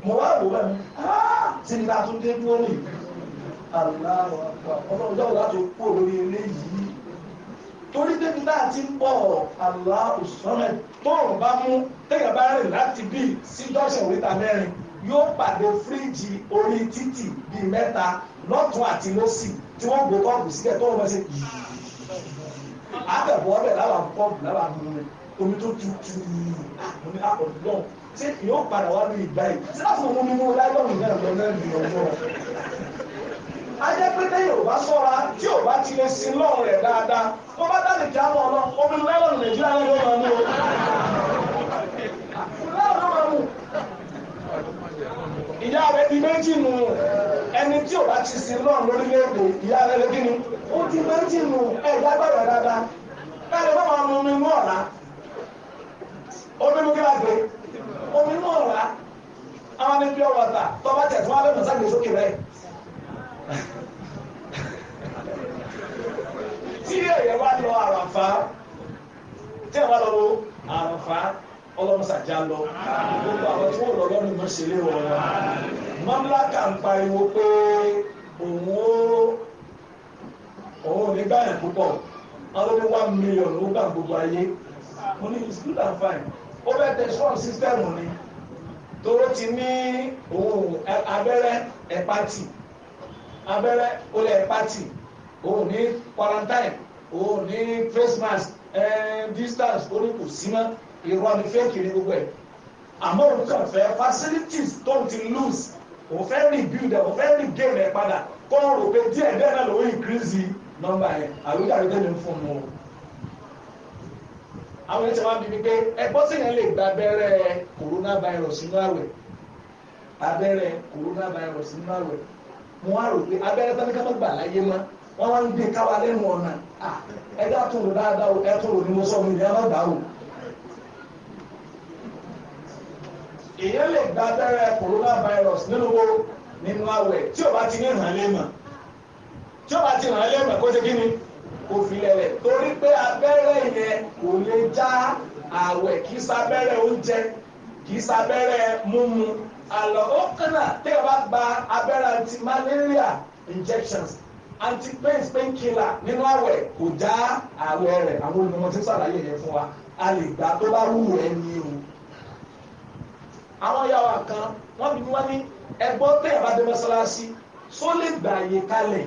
mo wá wò bẹ́ẹ̀ ah sí ni láti dé dúró nìyí aláwọ̀ ọlọ́run jẹ́ òun láti kú olórí ilé yìí torí débi náà ti ń bọ̀ aláwọ̀ sọ́mẹ̀ tóun bá mú téèyàn bá láti bí sí dọ́ṣẹ̀ oríta mẹ́rin yóò pàdé fíríjì orí títì bíi mẹ́ta lọ́tún àti lọ́sì tí wọ́n gbé pọ́ọ̀pù sílẹ̀ tó wọ́n ṣe yìí àbẹ̀bọ̀ ọbẹ̀ láwọn pọ́ọ̀pù láwọn mímu omi tó tutù àmọ́ ah, ní àkọ́dún náà ṣé yóò padà wá ní ìgbà yìí ṣé láti mọ̀ mímú láìlọ́run náà lọ náà ní ọjọ́ ajẹ́ pé lẹ́yìn ò bá sọ́ra tí ò bá ti lè sin lọ́rùn rẹ̀ dáadáa tó bá dá lè jáwọ́ ọlọ́ omi ìyá rẹ̀ di méjì nù ẹni tí ò bá ti sin náà lórílẹ̀-èdè ìyá rẹ̀ lè kíni ó di méjì nù ẹ̀dá gbọ́dọ̀ dáadáa bẹ́ẹ̀ bá wọn omi mú ọ̀la omi mú kí wá gbé omi mú ọ̀la àwọn ní pure water tọ́ba tẹ̀ tí wọ́n á bẹ̀ mọ̀ sáà gbèsè òkè bẹ́ẹ̀. tí èèyàn wá lọ àràfá tí èèyàn wá lọ àràfá ọlọ́run sàjà lọ gbogbo àwọn tí wọ́n lọ lọ́rùn mọ́ sí ilé wọn mamlaka ń pariwo pé òun ó òun ò ní báyàn púpọ̀ ọlọ́run one million ó gbà gbogbo ayé mo ní it's good and fine ó fẹ́ tẹ strong system ni tóró ti ní òun abẹ́rẹ́ ẹ̀pátì abẹ́rẹ́ ó lẹ̀ ẹ̀pátì òun ní quarantine òun ní face mask distance ó ní kò sí mọ́. irọ́ ni fẹ́ẹ̀kì ní gbogbo ẹ̀ àmọ́ òun kàn fẹ́ facilities tó ń ti lose òun fẹ́ rebuild ẹ̀ òun fẹ́ regain ẹ̀ padà kó ń rò pé díẹ̀ díẹ̀ náà lòun increase ẹ̀ o. àwọn ènìyàn pé ẹgbọ́n lè gba abẹ́rẹ́ coronavirus nínú àwẹ̀ abẹ́rẹ́ coronavirus nínú àwẹ̀ wọ́n á rò pé abẹ́rẹ́ tó ká má gbà láyé mọ́ wọ́n wá ń gbé káwa lẹ́nu ọ̀nà ẹ̀dá tó rò dáadáa rò ní mo sọ èèyàn lè gba abẹ́rẹ́ coronavirus nínú wo nínú àwẹ̀ tí o bá ti ní ìrànlẹ́ mọ̀ tí o bá ti ìrànlẹ́ mọ̀ kó ṣe kí ni kò fi lẹ̀lẹ̀ torí pé abẹ́rẹ́ yẹn kò lè já àwẹ̀ kì í sábẹ́rẹ́ oúnjẹ kì í sábẹ́rẹ́ múmu àlọ́ ó kànnà tí o bá gba abẹ́rẹ́ anti-malaria injections anti-pain killer, nínú àwẹ̀ kò já àwẹ̀ rẹ̀ àwọn olùmọ̀ tí sàlàyé yẹn fún wa a lè gbà tó bá wù ẹni o àwọn yàrá kan wọ́n bí wọ́n ní ẹgbọ́n tẹ̀ bá dé mọ́sálásí só lè gbà àyè kalẹ̀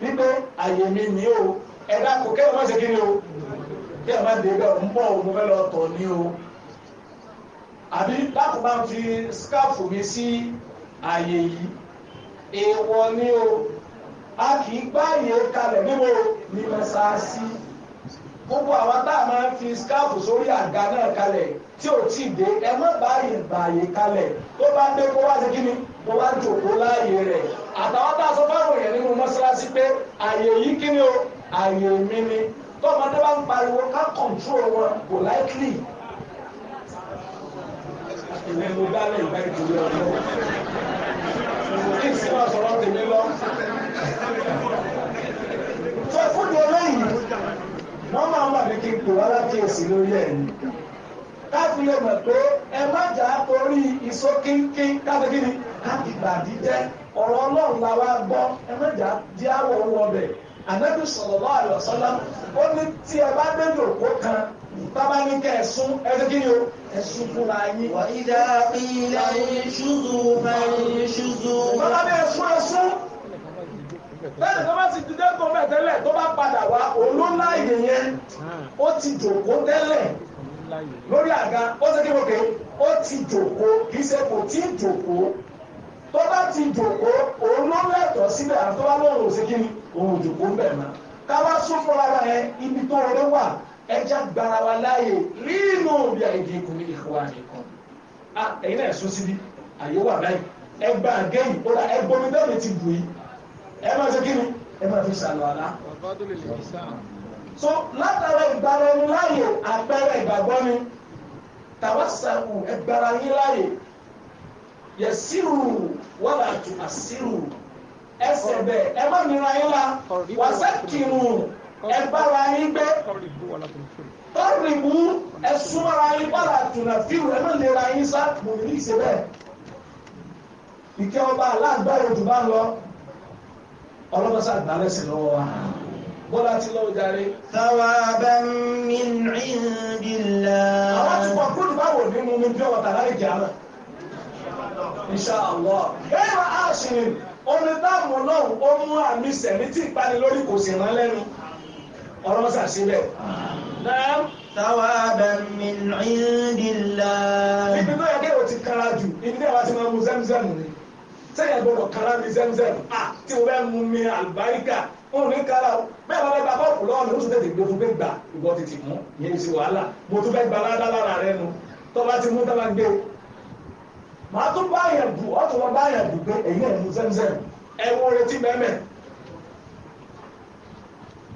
wípé àyè mi ní o ẹ̀dá kò kẹ́wọ́n má ṣe kí ni o kí ẹ̀ má dé bẹ́ẹ̀ ń bọ̀ mo fẹ́ lọ tọ̀ ní o àbí láti máa fi skáàfù mi sí àyè yìí èèwọ̀ ni o a kì í gbá àyè kalẹ̀ níbo ní mọ́sálásí gbogbo àwọn tá a máa fi skáàfù sórí àga náà kalẹ̀ tí ò tí ì dé ẹ má báyìí báyìí kalẹ̀ tó bá dé kó wá sí kíni kó wá jòkó láàyè rẹ̀ àtàwọn tá a sọ fáwọn èèyàn nínú mọ́ṣáláṣí pé àyè yìí kíni o àyè mi ni tọ́mọdé bá ń pariwo ká kọ̀ǹtúrò wọn kò láìkìlì ìlẹ́nu dálẹ̀ ìgbà ìdílé ọ̀dọ́ kí sì máa sọ̀rọ̀ tèmi lọ. sọ fún mi eléyìí wọ́n máa ń wà ní kí n pè wá láti èsì lórí ẹ̀yìn láti lè mọ̀ pé ẹ má jà á torí ìsó kínkín káfí kíni láti gbàdí jẹ́ ọ̀rọ̀ ọlọ́run la wá gbọ́ ẹ má jà á di àwọ̀ owó ọbẹ̀ ànábì sallallahu alaihi wasallam ó ní tí ẹ bá dé lòkó kan bàbá ní kẹ́ ẹ sún ẹ fi kíni o ẹ sún fúnra yín. wà á ìdá ilé ìṣúdù máa ń ṣúdù. bàbá ní ẹ sún ẹ sún lẹ́yìn tó bá ti di dẹ́kun mẹ́tẹ́lẹ̀ tó bá padà wá òun ló láàyè yẹn ó ti dòkó tẹ́lẹ̀ lórí àga ó ṣe kí mo pè é ó ti jòkó kì í ṣe kò tí ì jòkó tó bá ti jòkó òun ló lẹ́tọ̀ọ́ síbẹ̀ àti tó bá lóun ò ṣe kí ni òun ò jòkó ń bẹ̀ mọ́ káwá sún fúnra wa yẹn ibi tó rẹ wà ẹja gbara wa láàyè nínú òbí àìdí ìkùnrin ìhùwà nìkan ẹ̀yin náà sún síbi àyè wà báyìí ẹgbà àgẹ́yìn ó dà ẹgbọ́n mi bẹ́ẹ̀ mi ti bù yìí ẹ máa ṣe kí ni ẹ máa fi ṣàlọ́ àlá so látara ìgbára ẹni láàyè àpẹẹrẹ ìgbàgbọ́ ni tàwásàkù ẹgbàrá yín láàyè yẹsìrù wàlà àtù àsìrù ẹsẹ̀ bẹ́ẹ̀ ẹ má nira yín la wàsẹ́kìrù ẹgbàrá yín gbé tọ́rìbù ẹ̀sùnmọ́ra yín wàlà àtù nàfíù ẹ má nira yín sá mòmí ní ìṣẹ̀lẹ̀ ìkẹ́ ọba aláàgbá yorùbá lọ ọlọ́mọsá àgbà lọ́wọ́ wa bọ́lá ti lọ jàre. Thawaban min indillah. Àwọn ti pọ̀ kúrò báwo ní mú mi bí ọ̀tà láì jà náà. Insha Allah. Gẹ́gẹ́ àṣìrì, omi dáàmú náà ó mú àmì sẹ̀mí tí ìpani lórí kò sì rán lẹ́nu. Ọ̀rọ̀ sàṣílẹ̀. Náà. Thawaban min indillah. Ibi náà yẹ kí o ti kára jù, ibi náà wá ti máa mu zẹ́mzẹ́mù ni. Sẹ́yìn gbọ́dọ̀ kára mi zẹ́mzẹ́mù. À ti wọ́n bẹ́ẹ̀ mú mi àlùbáríkà òun ní kára o bẹ́ẹ̀ bá bẹ́ẹ̀ gba bọ́ọ̀lù lọ́wọ́ ni ó sì tètè gbófin pé gbà ìwọ tètè mú ìyẹn ti wàhálà mo tún fẹ́ gba ládá lára rẹ nu tó bá ti mú tó bá gbé o màá tún bá yẹn dù ọ́ tún bá yẹn dù pé èyí ẹ̀ mú zẹ́mzẹ́m ẹ wọ́n retí mẹ́mẹ́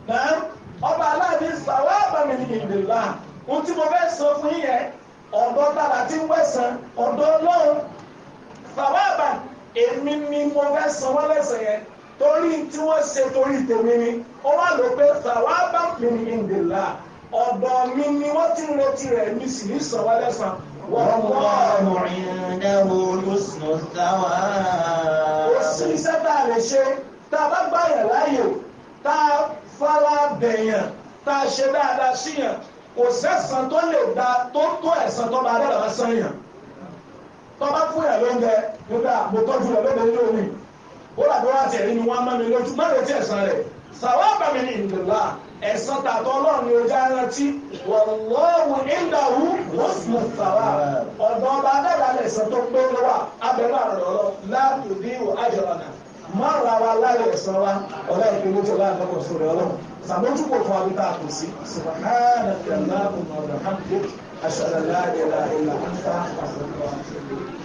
náà ọba aláàbí sàwọn àbámi ní ìdèlá ohun tí mo fẹ́ sọ fún yẹn ọ̀dọ́ tààrà tí ń wẹ̀sán ọ̀dọ́ ọlọ́run sàwọn àbá èmi ni mo fẹ́ sọ wọ́n lẹ́sẹ̀ yẹn torí tí wọ́n ṣe torí tèmi ni ó wà ló pé fàwa bá pè ní ìdèlà ọ̀dọ̀ mi ni wọ́n ti ń retí rẹ̀ mi sì ní sọ̀wálẹ́sàn wọ́n wọ́n ọ̀rìn ẹ̀rọ olóṣù táwa. ó sì iṣẹ́ tá a ṣe tá a bá gbàyàn láàyè tá a fara bẹ̀yàn tá a ṣe dáadáa síyàn kò sẹ́sàn tó lè da tó tó ẹ̀sán tó bá dára sàn yàn. tọ́ bá fún yàn lóúnjẹ nígbà mo tọ́jú rẹ̀ lóde lónìí ó rà lọ́wọ́ àti ẹ̀rí ni wọ́n mọ́ mi lójú má retí ẹ̀san rẹ̀ sàwọn àbàmì ní ìdìlá ẹ̀san tààtọ̀ ọlọ́run ni ojú ara tí wọ̀lọ́wù ìdáwù wọ́sùn sàwà ọ̀dọ̀ ọba adára ẹ̀san tó pé lọ́wọ́ abẹ́rẹ́ àrọ̀lọ́ láàbù bí wò ájọ̀rọ̀nà má ra wa láyọ̀ ẹ̀san wa ọ̀dọ̀ ìpinnu tó láàbọ̀ kò sórí ọlọ́run sàmójúkò